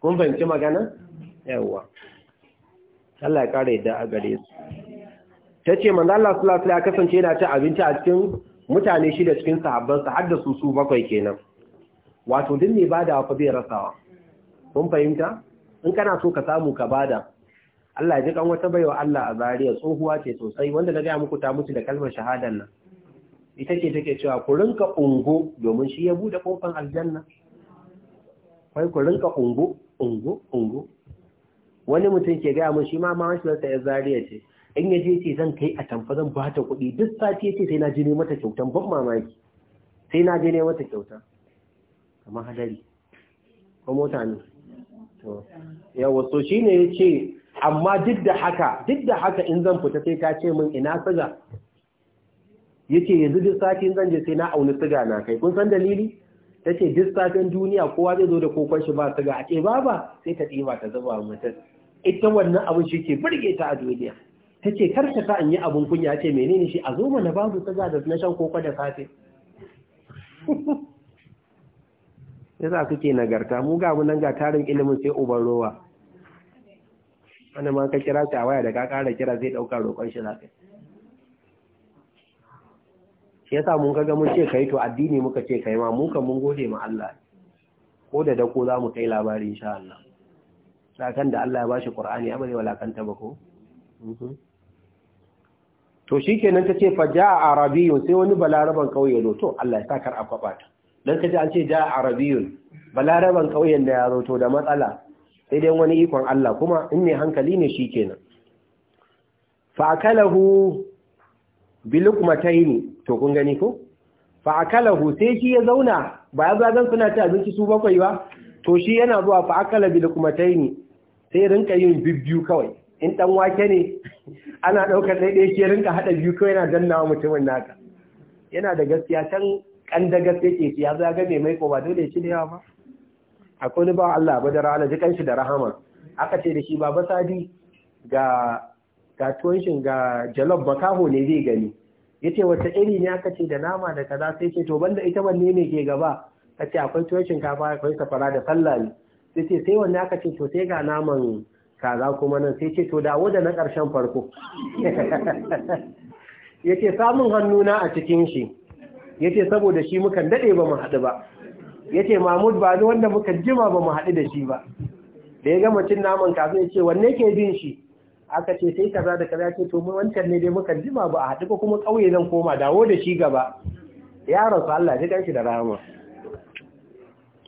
kun fahimci magana yawa Allah ya kare da a gare su tace manzo Allah sallallahu alaihi wasallam kasance yana ta abinci a cikin mutane shi da cikin sahabban sa har da su su bakwai kenan wato din ne bada fa bai rasawa kun fahimta in kana so ka samu ka bada Allah ji kan wata baiwa Allah a zariya tsohuwa ce sosai wanda na gaya muku ta mutu da kalmar shahadan nan ita ce take cewa ku rinka ungo domin shi ya bude kofar aljanna Kwai ku rinka ungo ungo ungo wani mutum ke gaya mun shi ma ma wasu ya zariya ce in ya je ce zan kai a tamfa zan ba ta kuɗi duk sati ce sai na je ne mata kyautan ban mamaki sai na je ne mata kyauta kamar hadari ko mota ne to yawa so ya ce. amma duk da haka duk da haka in zan fita sai ka ce min ina siga yake yanzu duk satin zan je sai na auni siga na kai kun san dalili tace duk satin duniya kowa zai zo da kokon shi ba siga a ce baba sai ta ɗiba ta zuba mutum ita wannan abin shi ke burge ta a duniya tace kar ka sa in yi abun kunya ce menene shi a zo mana babu siga da na shan koko da safe yasa suke nagarta mu ga mu nan ga tarin ilimin sai uban rowa wani ma ka kira ta a waya da ka kara kira zai dauka roƙon shi zaka shi sa mun kaga mun ce kai to addini muka ce kai ma mun kan mun gode ma Allah ko da dako za mu kai labari insha Allah sakan da Allah ya bashi Qur'ani ya bari walakanta ba ko mhm. to shikenan ce fa jaa arabiyun sai wani balaraban kauye zo to Allah ya a akwaba ta dan kaje an ce jaa arabiyun balaraban kauyen da ya zo to da matsala sai dai wani ikon Allah kuma in mai hankali ne shi kenan fa'akalahu bilukmataini to kun gani ko fa'akalahu sai shi ya zauna ba ya suna ta abinci su bakwai ba to shi yana zuwa fa'akala bilukmataini sai rinka yin bibbiyu kawai in dan wake ne ana ɗaukar daidai ke rinka hada biyu kawai yana dannawa mutumin naka yana da gaskiya can kan da gaske ke ya zaga mai maiko ba dole shi da yawa ba akwai ba Allah ba da rana jikan shi da rahama aka ce da shi baba sadi ga ga tuwon ga jalof makaho ne zai gani yace wata iri ne aka ce da nama da kaza sai ce to banda ita wanne ne ke gaba ka ce akwai tuwon shinkafa akwai safara da sallah ne sai ce sai wanne aka ce to sai ga naman kaza kuma nan sai ce to dawo da na karshen farko ce samun hannuna a cikin shi yace saboda shi mukan dade ba mu haɗu ba ya ce mahmud ba ni wanda muka jima ba mu haɗu da shi ba da ya gama cin naman kafin ya ce wanne ke bin shi aka ce sai kaza da kaza ce to mun wancan ne dai muka jima ba a haɗu ko kuma ƙauye zan koma dawo da shi gaba ya rasu Allah ji kanshi da rahama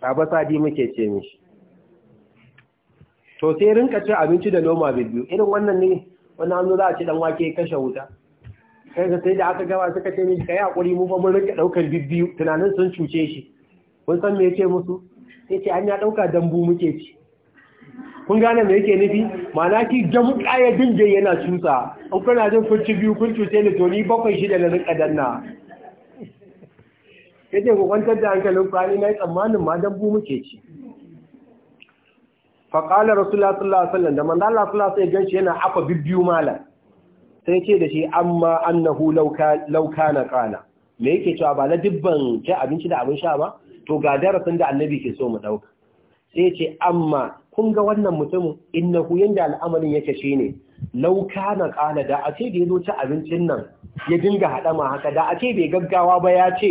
abasadi muke ce mishi to sai rinka cin abinci da noma biyu irin wannan ne wani hannu za a ci dan wake kashe wuta kai sai da aka gaba suka ce mishi kai hakuri mu fa mun rinka daukar biyu tunanin sun cuce shi kun san me yake musu sai ce an ya ɗauka dambu muke ci kun gane me yake nufi ma'ana ki jamu kaya dinje yana cusa an kana jin furci biyu kun cuce ni to ni bakwai shida na rinka danna yace ku kwantar da hankalin kwani na yi tsammanin ma dambu muke ci qala rasulullah sallallahu alaihi wasallam da manzo Allah sallallahu alaihi wasallam yana afa bibbiyu malam sai ce da shi amma annahu law kana qala me yake cewa ba na dibban ci abinci da abin sha ba to ga darasin da annabi ke so mu dauka sai ce amma kun ga wannan mutumin innahu yanda al'amarin yake shine law kana qala da a ce da yazo ci abincin nan ya dinga ma haka da a ce bai gaggawa ba ya ce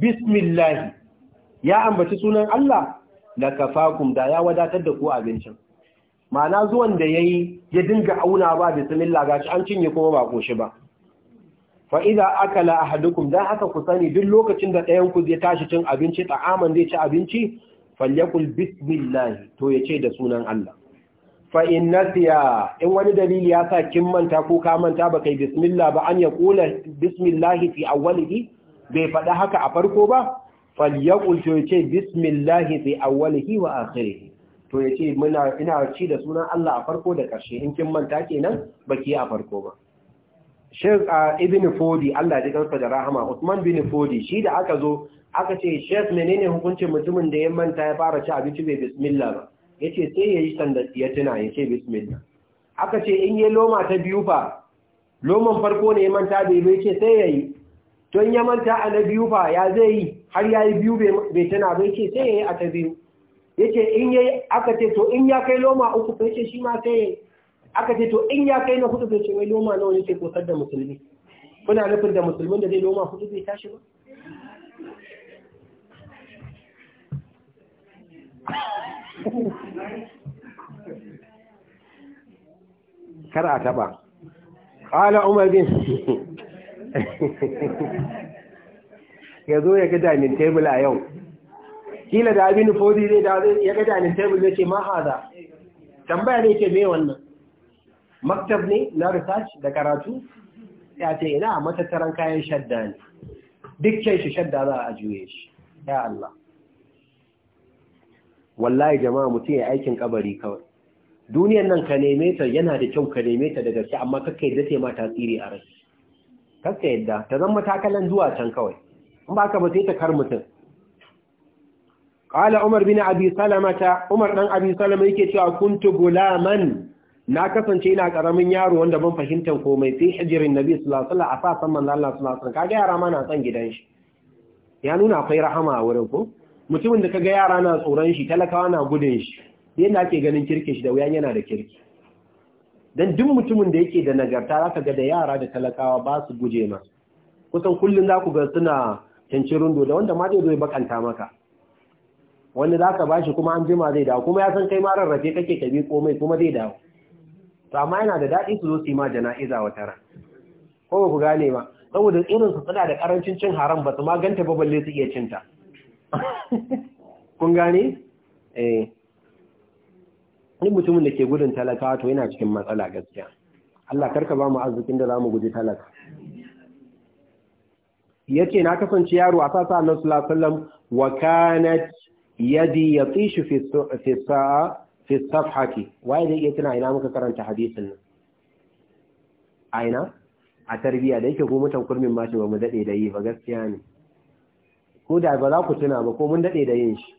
bismillah ya ambaci sunan Allah kafakum da ya wadatar da ku abincin ma'ana zuwan da yayi ya dinga auna ba bismillah gashi an cinye kuma ba koshi ba fa idza akala ahadukum dan haka ku sani duk lokacin da ɗayan ku zai tashi cin abinci ta'aman zai ci abinci falyakul bismillah to yace da sunan Allah fa in nasiya in wani dalili ya sa kin manta ko ka manta ba kai bismillah ba an ya kula bismillah fi awwalihi bai faɗa haka a farko ba falyakul to yace bismillah fi awwalihi wa akhirihi to yace muna ina ci da sunan Allah a farko da ƙarshe in kin manta kenan baki a farko ba Sheikh uh, Ibn Fodi Allah ya kansa da rahama Usman bin Fodi shi da aka zo aka ce Sheikh menene hukuncin mutumin da ya manta ya fara ci abinci bai bismillah ba yace sai yayi sanda ya tuna yace bismillah aka ce in yayi loma ta biyu fa loman farko ne ya manta bai bai ce sai yayi to in ya manta a na biyu fa ya zai yi har yayi biyu bai tuna bai ce sai yayi a ta biyu yace in yayi aka ce to in ya kai loma uku fa yace shi ma sai yayi aka ce to in ya kai na hudu bai ce wai noma nawa yake kosar da musulmi kuna nufin da musulmin da zai noma hudu bai tashi ba kar a taba ƙala umar bin ya zo ya ga damin tebul a yau kila da abin fodi zai da ya ga damin tebul zai ce ma haza tambaya ne ce me wannan maktab ne na research da karatu ya ce ina a matattaran kayan shadda ne dukkan shi shadda za a juye shi ya Allah wallahi jama'a mutum ya aikin kabari kawai duniyar nan ka neme ta yana da kyau ka neme ta daga shi, amma kakka yadda ta mata tsiri a rashi. kakka yadda ta zama takalan zuwa can kawai in ba ka ba sai ta kar mutum qala umar bin abi salama ta umar dan abi salama yake cewa kuntu gulaman na kasance ina karamin yaro wanda ban fahimtar komai sai hijirin nabi sallallahu alaihi wasallam a fasan manzo Allah sallallahu alaihi wasallam kaga yara ma na san gidan shi ya nuna akwai rahama a wurin ko mutumin da kaga yara na tsoron shi talakawa na gudun shi na ake ganin kirki shi da wuyan yana da kirki dan duk mutumin da yake da nagarta zaka ga da yara da talakawa ba su guje ma. kusan kullun za ga suna cancin rundo da wanda ma zai zo bakanta maka wanda zaka bashi kuma an jima zai dawo kuma ya san kai ma rarrafe kake tabi komai kuma zai dawo to amma yana da daɗi su zo su yi ma jana'iza wata ran ko ku gane ma. saboda irin su suna da karancin cin haram ba su ma ganta ba balle su iya cinta kun gane eh ni mutumin da ke gudun talakawa to yana cikin matsala gaskiya Allah karka ba mu arzikin da zamu guji talaka yace na kasance yaro a sasa Annabi sallallahu alaihi wasallam wa kanat yadi yatishu fi fi sa'a fi safhati waye zai iya tuna ina muka karanta hadisin nan aina a tarbiya da yake ko mutan kurmin mashi ba mu dade da yi ba gaskiya ne ko da ba za ku tuna ba ko mun dade da yin shi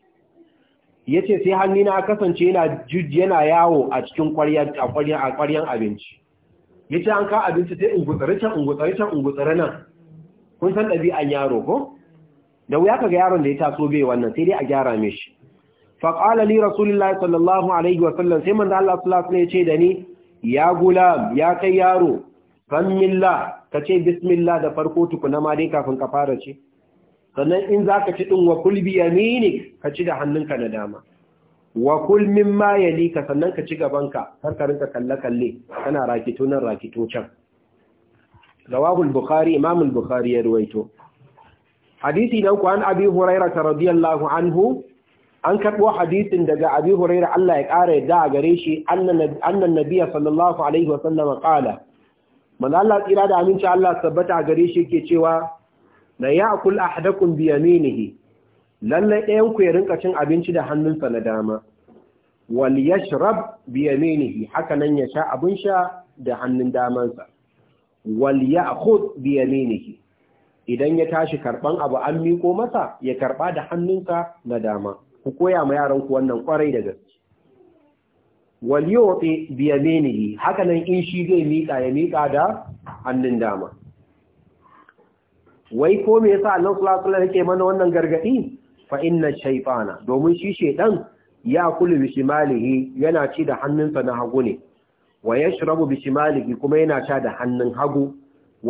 yace sai hannuna kasance yana yana yawo a cikin ƙwarya a ƙwarya a ƙwaryan abinci yace an ka abinci sai in gutsare can in gutsare can in gutsare nan kun san ɗabi'an yaro ko da wuya kaga yaron da ya taso bai wannan sai dai a gyara mishi faƙala li rasulullahi sallallahu alaihi wasallam sai manzo Allah sallallahu alaihi ya ce da ni ya gulam ya kai yaro sammilla ka ce bismillah da farko tukuna ma dai kafin ka fara ce sannan in za ka ci ɗin wa kulbi yaminik ka ci da hannunka na dama wa kul mimma yalika sannan ka ci gabanka kar ka rinka kalle kalle kana rakito nan rakito can rawahu al-bukhari imam al-bukhari ya ruwaito hadisi dan ku an abi hurairah radiyallahu anhu an karɓo hadisin daga abi huraira Allah ya ƙara yadda a gare shi annan nabiya sallallahu alaihi wa sallama qala manzo Allah tsira da aminci Allah sabbata a gare shi yake cewa la ya'kul ahadakum bi yaminihi lalle ɗayan ku ya rinka cin abinci da hannunsa na dama wal yashrab bi yaminihi haka nan ya sha abin sha da hannun damansa wal ya'khudh bi yaminihi idan ya tashi karban abu an miko masa ya karba da hannunsa na dama ku koya ma yaran ku wannan kwarai da gaske wal yu'ti bi yaminihi haka nan in shi zai mika ya mika da hannun dama wai ko me yasa Allah sallallahu alaihi wasallam yake mana wannan gargadi fa inna shaytana domin shi shedan ya kulu bi shimalihi yana ci da hannunsa na hagu ne wa yashrabu bi shimalihi kuma yana sha da hannun hagu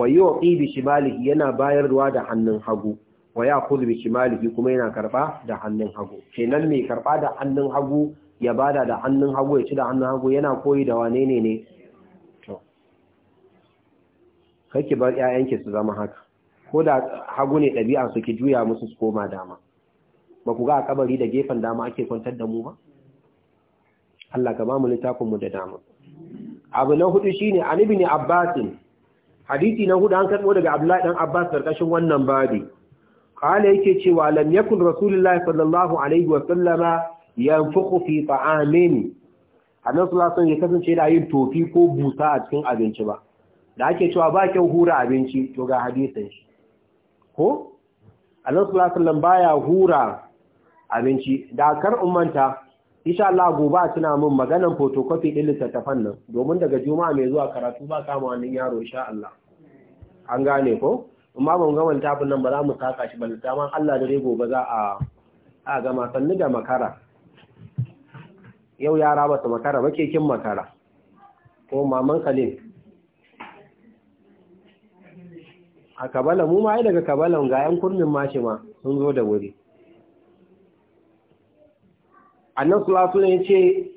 wa yu'ti bi shimalihi yana bayarwa da hannun hagu wa ya kudu biki maliki kuma yana karba da hannun hagu kenan mai karba da hannun hagu ya bada da hannun hagu ya ci da hannun hagu yana koyi da wane ne ne to kake bar ƴaƴanki su zama haka ko da hagu ne ɗabi'a su ki juya musu su koma dama ba ku ga a kabari da gefen dama ake kwantar da mu ba Allah ka ba mu littafin mu da dama abu na hudu shine an ibn abbasin hadisi na hudu an karbo daga abdullahi dan abbas karkashin wannan babi qala yake cewa lam yakun rasulullahi sallallahu alaihi wa sallama fi ta'amin annabi sallallahu alaihi ya kasance a yin tofi ko busa a cikin abinci ba da ake cewa ba kyau hura abinci to ga hadisin shi ko annabi sallallahu alaihi baya hura abinci da kar ummanta insha Allah gobe tuna min maganan photocopy din littattafan nan domin daga juma'a mai zuwa karatu ba kama wannan yaro insha Allah an gane ko amma ban ga wani tabin nan ba za mu saka shi ba dama Allah da rego gobe za a a ga sannu da makara yau yara ba su makara ba kekin makara ko maman kale a kabala mu ma daga kabalan ga yan kurmin mashi ma sun zo da wuri annan sulasula ya ce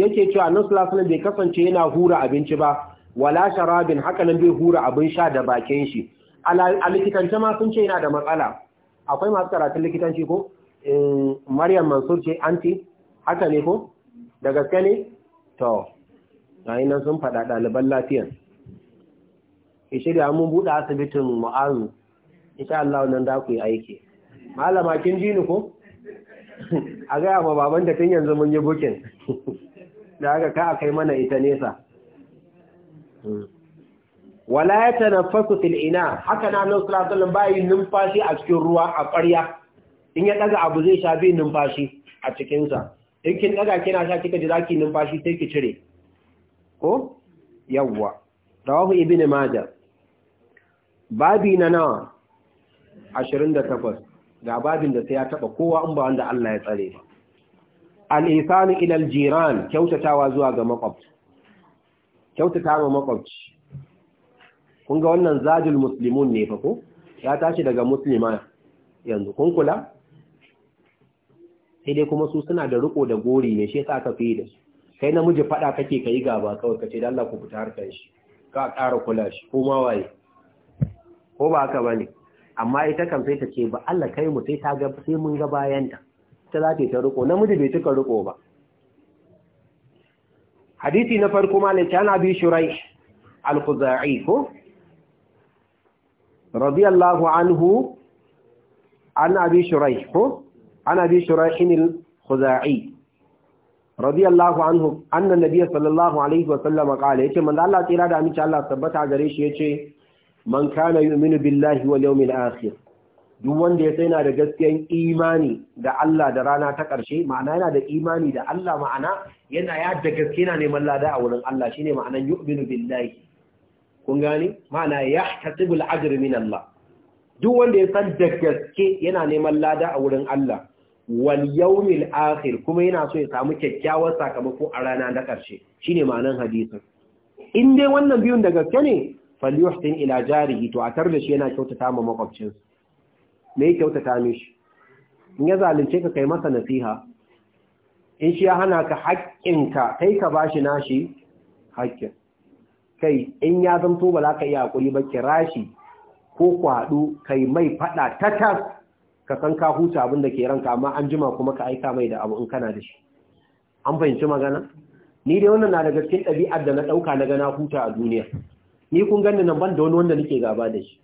yake cewa annan ne bai kasance yana hura abinci ba wala sharabin haka nan bai hura abin sha da bakin shi a likitance ma sun ce yana da matsala akwai masu karatun likitanci ko maryam mansur ce anti haka ne ko da gaske ne to yi nan sun faɗa ɗaliban lafiyan ishe da mun buɗe asibitin mu'azu Ita Allah wannan da ku yi aiki malama kin ji ni ko a gaya ma baban da tun yanzu mun yi bukin da aka ka a kai mana ita nesa hmm. wala ya tanaffasu fil ina haka na annabi sallallahu alaihi wasallam numfashi a cikin ruwa a ƙarya in ya daga abu zai sha bi numfashi a cikin sa in kin daga kina sha kika ji zaki numfashi sai ki cire ko yawwa rawahu ibn majah babi na nawa 28 ga babin da sai ya taba kowa in ba wanda Allah ya tsare ba al-ihsan ila al-jiran kyautatawa zuwa ga makwabci kyautatawa kun ga wannan zajil muslimun ne fa ko ya tashi daga muslima yanzu kun kula sai dai kuma su suna da riko da gori ne shi yasa aka fi da su kai namiji fada kake kai gaba kawai kace da Allah ku fita harkar shi ka ƙara kula shi ko ma waye ko ba haka bane amma ita kan sai ta ce ba Allah kai mu sai ta ga sai mun ga bayanta ta za ta riko namiji bai tuka riko ba hadisi na farko malaka kana bi shuraih al-khuzai ko رضي anhu عنه عن أبي شريح عن أبي شريح الخزاعي رضي الله anhu أن النبي sallallahu alaihi wa وسلم قال yace manzo Allah tsira da aminci Allah tabbata gare shi yace man kana yu'minu billahi wal da duk wanda ya sai na da gaskiyan imani da Allah da rana ta ƙarshe ma'ana yana da imani da Allah ma'ana yana ya da gaske na neman lada a wurin Allah shine ma'anan yu'minu billahi kun gane ma'ana yahtasibul ajr min Allah duk wanda ya san da gaske yana neman lada a wurin Allah wal yawmil akhir kuma yana so ya samu kyakkyawar sakamako a rana da ƙarshe shine ma'anan hadisin in dai wannan biyun da gaske ne falyuhsin ila jarihi to a da shi yana kyautata ma makwabcin me kyautata mishi in ya zalunce ka kai masa nasiha in shi ya hana ka haƙƙinka kai ka bashi nashi haƙƙin kai in ya zanto ba za ka iya hakuri ba kira shi ko ku haɗu kai mai faɗa ta tas ka san ka huta abin da ke ranka amma an jima kuma ka aika mai da abu in kana da shi an fahimci magana ni dai wannan na daga cikin ɗabi'ar da na ɗauka na gana huta a duniya ni kun gani nan ban da wani wanda nake gaba da shi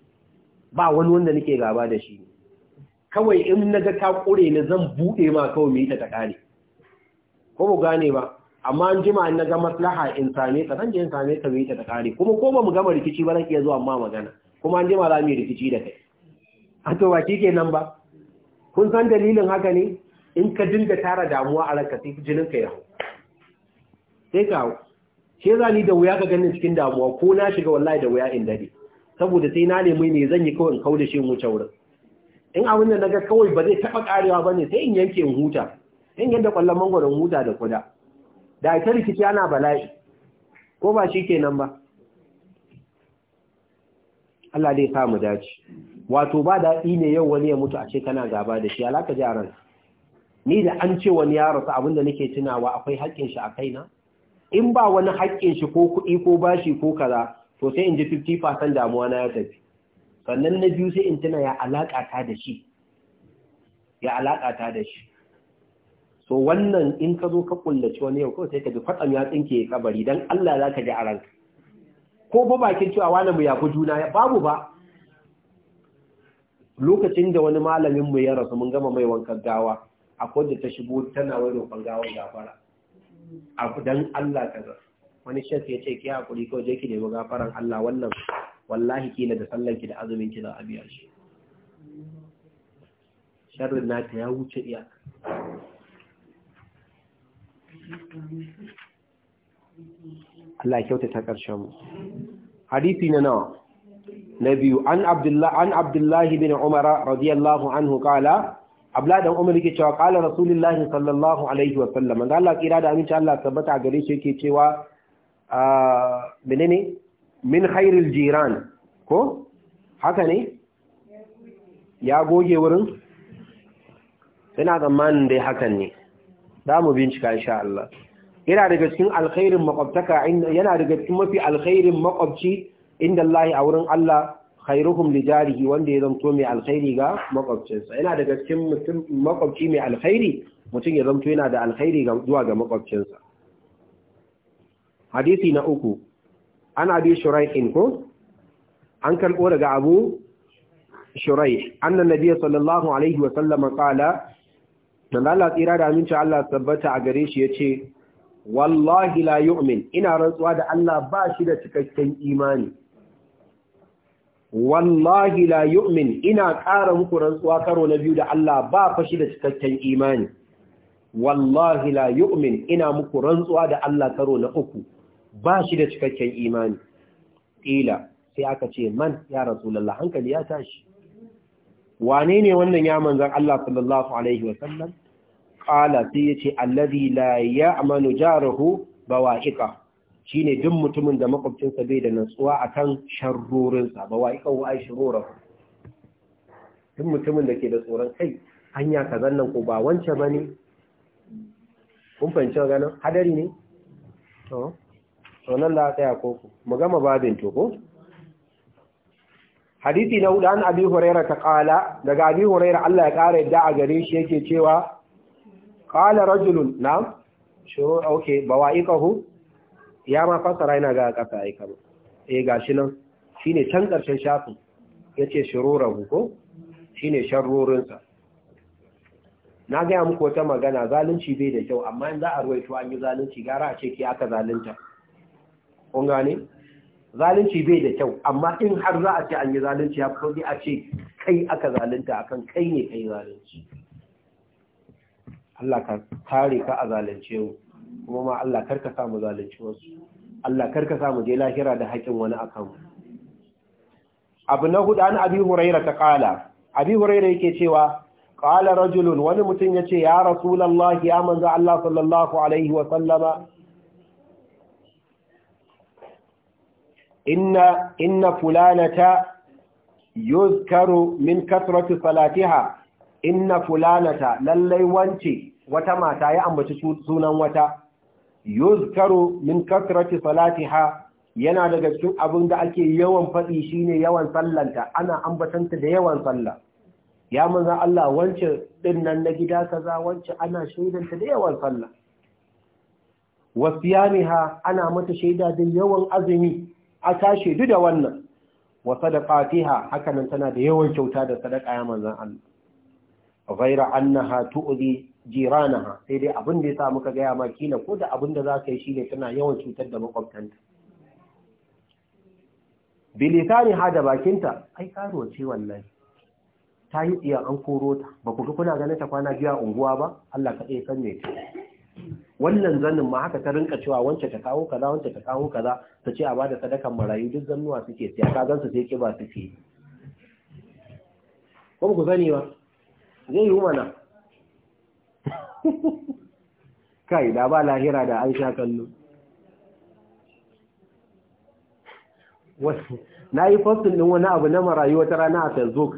ba wani wanda nake gaba da shi kawai in na ga ka ƙure ni zan buɗe ma kawai mu yi ta ta ƙare ko mu gane ba amma an jima na ga maslaha in same ta zan je in same ta ta da kare kuma ko ba mu gama rikici ba zan iya zuwa amma magana kuma an jima za mu yi rikici da kai a to ba kike nan ba kun san dalilin haka ne in ka dinga tara damuwa a ranka sai jinin ka ya hau sai ka ke za ni da wuya ka ganin cikin damuwa ko na shiga wallahi da wuya in dade saboda sai na nemi me zan yi kawai in kauda shi in wuce wurin in abin da naga kawai ba zai taba karewa ne sai in yanke in huta in yanda kwallon mangwaron huta da kuda da ake rikici ana bala'i ko ba shi kenan ba Allah dai samu dace wato ba daɗi ne yau wani ya mutu a ce gaba da shi alaka jaran ni da an ce wani ya rasu da nake tunawa akwai haƙƙin shi a kaina in ba wani haƙƙin shi ko kuɗi ko bashi ko kaza to sai in ji 50% damuwa na ya tafi sannan na biyu sai in tuna ya alaƙata ta da shi ya alaka ta da shi so wannan in ka zo ka kullaci wani yau kawai sai ka bi kwatsam ya tsinke kabari dan Allah za ka ji a ranka ko ba bakin cewa wani mu yafi juna babu ba lokacin da wani malamin mu ya rasu mun gama mai wankan gawa akwai da ta shigo tana wai roƙon gawan gafara a dan Allah ka zo wani shafi ya ce ki hakuri kawai je ki nemi gafaran Allah wannan wallahi kila da sallan ki da azumin ki za a biya shi sharrin nata ya wuce iyaka Allah kyautata ƙarshen mu hadisi na nawa na biyu an abdullahi an abdullahi bin umar radiyallahu anhu kala, abla dan umar yake cewa qala rasulullahi sallallahu alaihi wa sallam manzo Allah kira da aminci Allah tabbata gare shi yake cewa ah, menene min khairil jiran ko haka ne ya goge wurin ina tsammanin dai hakan ne za mu bincika insha Allah yana daga cikin alkhairin makwabtaka yana daga cikin mafi alkhairin makwabci inda Allah a wurin Allah khairuhum li jarihi wanda ya zanto mai alkhairi ga makwabcinsa yana daga cikin mutum makwabci mai alkhairi mutum ya zanto yana da alkhairi ga zuwa ga makwabcinsa hadisi na uku ana bi shuraihin ko an karbo daga abu shuraih annan nabiy sallallahu alaihi wa sallam qala dan Allah tsira da aminci Allah tabbata a gare shi yace wallahi la yu'min ina rantsuwa da Allah ba shi da cikakken imani wallahi la yu'min ina ƙara muku rantsuwa karo na biyu da Allah ba fa shi da cikakken imani wallahi la yu'min ina muku rantsuwa da Allah karo na uku ba shi da cikakken imani ƙila sai aka ce man ya rasulullah hankali ya tashi wane ne wannan ya manzan Allah sallallahu alaihi wa sallam Ƙala sai yace allazi la amanu jaruhu bawa'iqa shine duk mutumin da makwabcinsa bai da natsuwa akan sharrurinsa sa bawa'iqa wa ai shururuhu duk mutumin da ke da tsoron kai hanya kazan nan ko ba wance bane kun fahimci ganin hadari ne to to nan da tsaya koko mu gama babin to ko hadisi na hudu an abi hurairah ta qala daga abi hurairah Allah ya kare yadda a gare shi yake cewa Kala rajulun na'am shuru okay ikahu, ya ma fasara yana ga kasa ikaru, e eh shi nan Shi ne can karshen shafin yace Shi ne shan rurinsa. na gaya muku wata magana zalunci bai da kyau amma in za a ruwaito an yi zalunci gara a ce ki aka zalunta kun gane zalunci bai da kyau amma in har za a ce an yi zalunci ya fi a ce kai aka zalunta akan kai ne kai zalunci Allah ka kare ka a zalunce mu kuma ma Allah karka sa mu zalunce wasu Allah karka sa mu je lahira da haƙin wani akan mu abu na hudu an abi huraira ta kala abi huraira yake cewa qala rajulun wani mutum yace ya rasulullahi ya manzo Allah sallallahu alaihi wa sallama inna inna fulanata yuzkaru min kasrati salatiha inna fulanata lallai wance wata mata ya ambaci sunan wata yuzkaru min kasrati salatiha yana daga cikin abin da ake yawan faɗi shine yawan sallanta ana ambatanta da yawan sallah ya manzo Allah wance din nan na gida kaza wance ana shaidanta da yawan sallah wasiyamiha ana mata shaida da yawan azumi a tashi duk da wannan wa sadaqatiha hakanan tana da yawan kyauta da sadaka ya manzo Allah ghaira annaha tu'zi jiranaha sai dai abin da ya sa muka gaya ma kila ko da abin da za ka yi shine tana yawan cutar da makwabtanta bilisani ha da bakinta ai karuwa ce wallahi ta yi iya an koro ta ba ku ga kuna ganin ta kwana biya unguwa ba Allah ka san me ta wannan zanin ma haka ta rinka cewa wance ta kawo kaza wance ta kawo kaza ta ce a bada sadakan marayu duk zannuwa suke siya ka gansu sai kiba suke ko ku sani ba zai yi mana kai da ba lahira da Aisha kallo na yi fastin din wani abu na marayu wata rana a facebook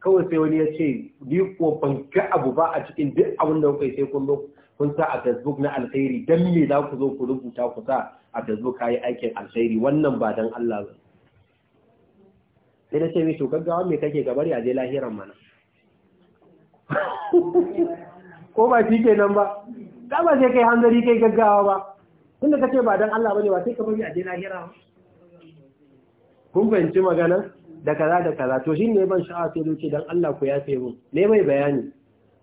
kawai sai wani ya ce ni ko ga abu ba a cikin duk abin da kai sai kun kun sa a facebook na alkhairi dan me za ku zo ku rubuta ku sa a facebook yi aikin alkhairi wannan ba dan Allah ba sai na ce mai to gaggawa me kake gabar ya je lahiran mana ko ba shi ke nan ba ka ba sai kai hanzari kai gaggawa ba ka ce ba don Allah bane ba sai ka bari a je lahira ba kun fahimci magana da kaza da kaza to shi ne ban sha'a sai doke don Allah ku yafe mu ne mai bayani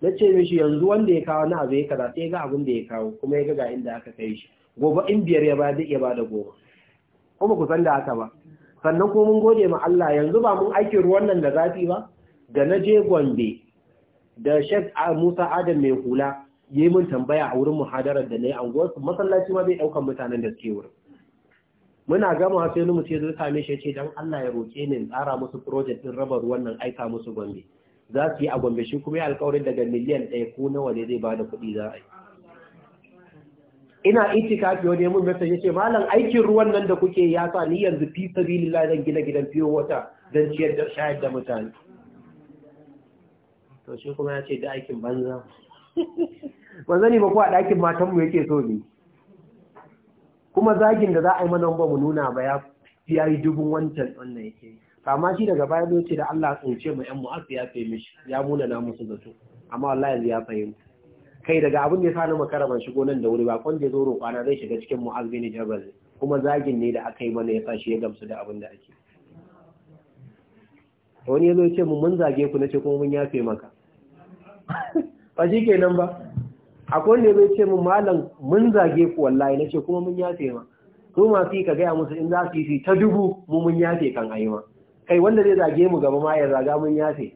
Na nace mishi yanzu wanda ya kawo na abu ya kaza sai ga abin da ya kawo kuma ya ga ga inda aka kai shi gobe in biyar ya ba zai iya ba da goma kuma ku san da haka ba sannan ko mun gode ma Allah yanzu ba mun aikin ruwan nan da zafi ba da na je Gombe da Sheikh Musa Adam mai hula yi mun tambaya a wurin muhadarar da na yi anguwar masallaci ma bai ɗaukar mutanen da suke wurin muna gama sai musu ya zai same shi ce don Allah ya roƙe ni tsara musu project din raba ruwan nan aika musu Gombe za su yi a Gombe shi kuma ya alƙawarin daga miliyan ɗaya ko nawa ne zai bada kuɗi za a yi ina itikafi wani mun ya ce malam aikin ruwan nan da kuke ya sa ni yanzu fi sabilillah zan gina gidan fiye wata don ciyar da shayar da mutane to shi kuma ya ce da aikin banza ba zani ba ko a ɗakin matanmu yake so ne kuma zagin da za a yi mana ba mu nuna ba ya fiya yi dubun wancan wannan yake kama shi daga bayan lokaci da Allah ya tsince mu ƴan mu'affi ya fi mishi ya muna na musu zato amma Allah yanzu ya fahimta kai daga abin da ya sani makara ban shigo nan da wuri ba kwan da zo kwana zai shiga cikin mu'azz bin jabal kuma zagin ne da aka yi mana ya sa shi ya gamsu da abin da ake wani ya zo ce mu mun zage ku na ce kuma mun yafe maka ba shi ke nan ba akwai ne bai ce mu malam mun zage ku wallahi na ce kuma mun yafe ma su ma fi ka gaya musu in za su yi ta dubu mu mun yafe kan ayi ma kai wanda zai zage mu gaba ma ya zaga mun yafe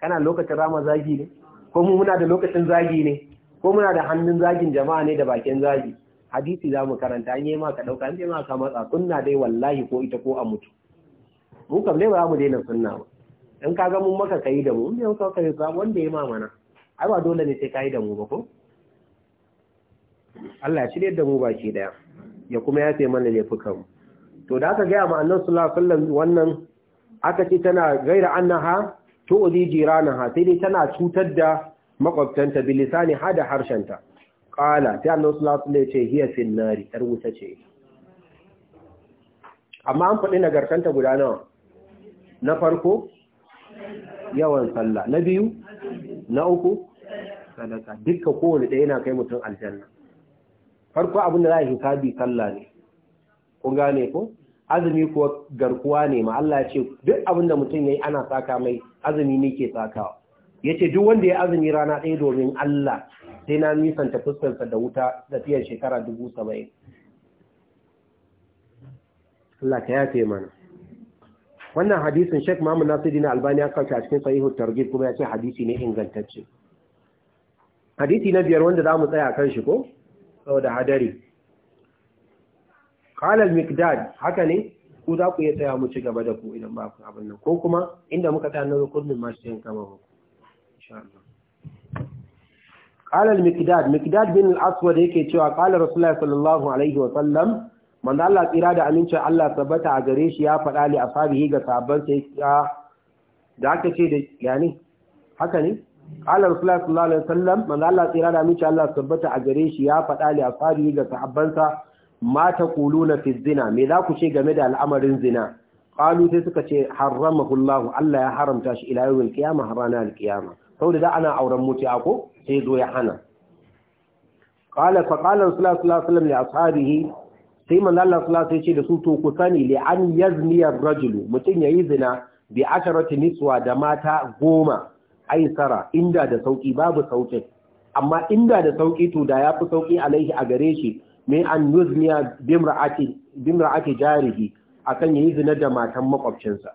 kana lokacin rama zagi ne ko mu muna da lokacin zagi ne ko muna da hannun zagin jama'a ne da bakin zagi hadisi za mu karanta an yi ma ka ɗauka an yi ma ka matsa kunna dai wallahi ko ita ko a mutu mu kam dai ba mu daina sunna ba in ka ga mun maka kai da mu in yau ka yi ba wanda ya mamana ai ba dole ne sai kai da mu ba ko Allah ya shirye da mu baki daya ya kuma ya sai mana laifukan to da aka gaya ma annabi sallallahu alaihi wasallam wannan aka ce tana gaira annaha tu'zi jiranaha sai dai tana cutar da makwabtanta bilisani hada harshenta qala sai annabi sallallahu alaihi wasallam ya ce hiya finnari tar wuta ce amma an faɗi nagartanta guda nawa na farko yawan sallah na biyu na uku sadaka dukkan kowane ɗaya yana kai mutum aljanna farko abin da za a yi sallah ne kun gane ko azumi kuwa garkuwa ne ma Allah ya ce duk abin da mutum yayi ana saka mai azumi ne ke sakawa yace duk wanda ya azumi rana ɗaya domin Allah sai na nisanta fuskarsa da wuta da tafiyar shekara dubu saba'in Allah ka yafe mana wannan hadisin Sheikh Muhammad na Albani ya kawo a cikin sahihu targhib kuma ya ce hadisi ne ingantacce hadisi na biyar wanda zamu tsaya kan shi ko saboda hadari qala al-miqdad haka ne ku za ku iya tsaya mu ci gaba da ku idan ba ku abin nan ko kuma inda muka tsaya na rukunin ma shi kama ku insha Allah qala al-miqdad miqdad bin al-aswad yake cewa qala rasulullahi sallallahu alaihi wa sallam manzo Allah tsira da aminci Allah tabbata a gare shi ya faɗa li asabihi ga sahabban sai ya da aka ce da yani haka ne qala rasulullahi sallallahu alaihi wasallam manzo Allah tsira da aminci Allah tabbata a gare shi ya faɗa li asabihi ga sa ma quluna fi zina me za ku ce game da al'amarin zina qalu sai suka ce haramahu Allah Allah ya haramta shi ila yawmil qiyamah harana al qiyamah saboda da ana auren mutiya ko sai zo ya hana qala fa qala rasulullahi sallallahu alaihi wasallam li ashabihi sai manzo Allah sallallahu alaihi ce da su to ku sani li an yazni ar-rajulu mutun yayi zina bi asharati niswa da mata goma aisara inda da sauki babu sauki amma inda da sauki to da yafi sauki alaihi a gare shi me an yuzniya bimra'ati bimra'ati jarihi akan yayi zina da matan makwabcinsa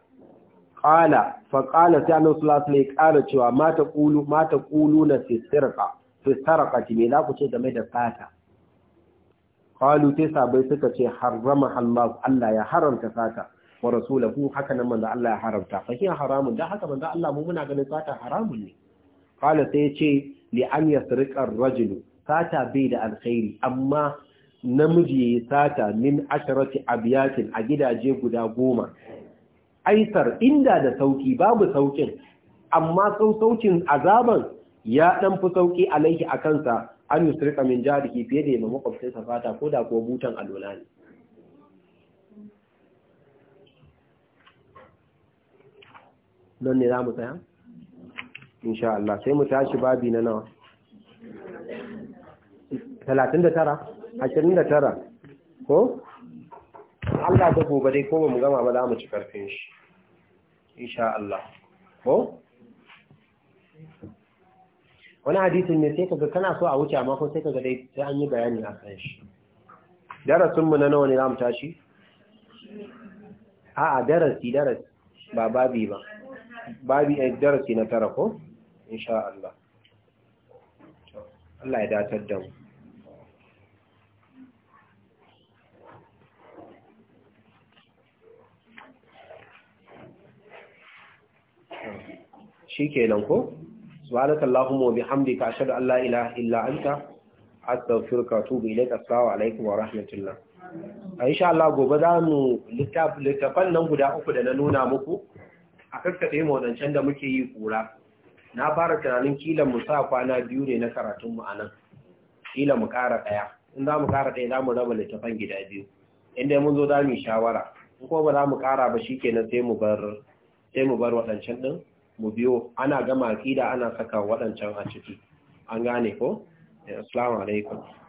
qala fa qala sai Allah sallallahu alaihi qala cewa mata qulu mata quluna fi sirqa fi me za ku ce game da sata qalu sai sabai suka ce harrama Allah Allah ya haramta sata wa rasulahu haka nan manzo Allah ya haramta fakin haramun dan haka manzo Allah mu muna ganin sata haramun ne qala sai ya ce li an yasriqa ar-rajul sata bai da alkhairi amma namiji yayi sata min asharati abyatin a gidaje guda goma aisar inda da sauki babu saukin amma sausaucin azaban ya dan fi sauki alaihi akansa an yusrika min jarihi fiye da yamma makwabcinsa fata ko da kuwa butan alola ne don ne za mu tsaya? insha Allah sai mu tashi babi na nawa 39 29 ko? Allah ta gobe dai ko ba mu gama ba za mu ci karfin shi insha Allah ko? wani hadisin ne sai kaga kana so a wuce amma ko sai kaga dai sai an yi bayani a kan shi darasin mu na nawa ne zamu tashi a'a darasi darasi ba babi ba babi a eh, darasi na tara ko insha Allah Allah ya datar da mu shi kenan ko subhanaka allahumma wa bihamdika ashhadu an la ilaha illa anta astaghfiruka wa atubu ilaik assalamu alaikum wa rahmatullah insha Allah gobe za mu littafan nan guda uku da na nuna muku a kakkaɗe wadancan da muke yi kura na fara tunanin kila mu sa kwana biyu ne na karatun mu anan kila mu ƙara ɗaya in za mu ƙara ɗaya za mu raba littafan gida biyu inda mun zo za mu shawara in ko ba za mu ƙara ba shikenan sai mu bar sai mu bar wadancan ɗin mu biyo ana gama aqida ana saka waɗancan a ciki an gane ko assalamu alaikum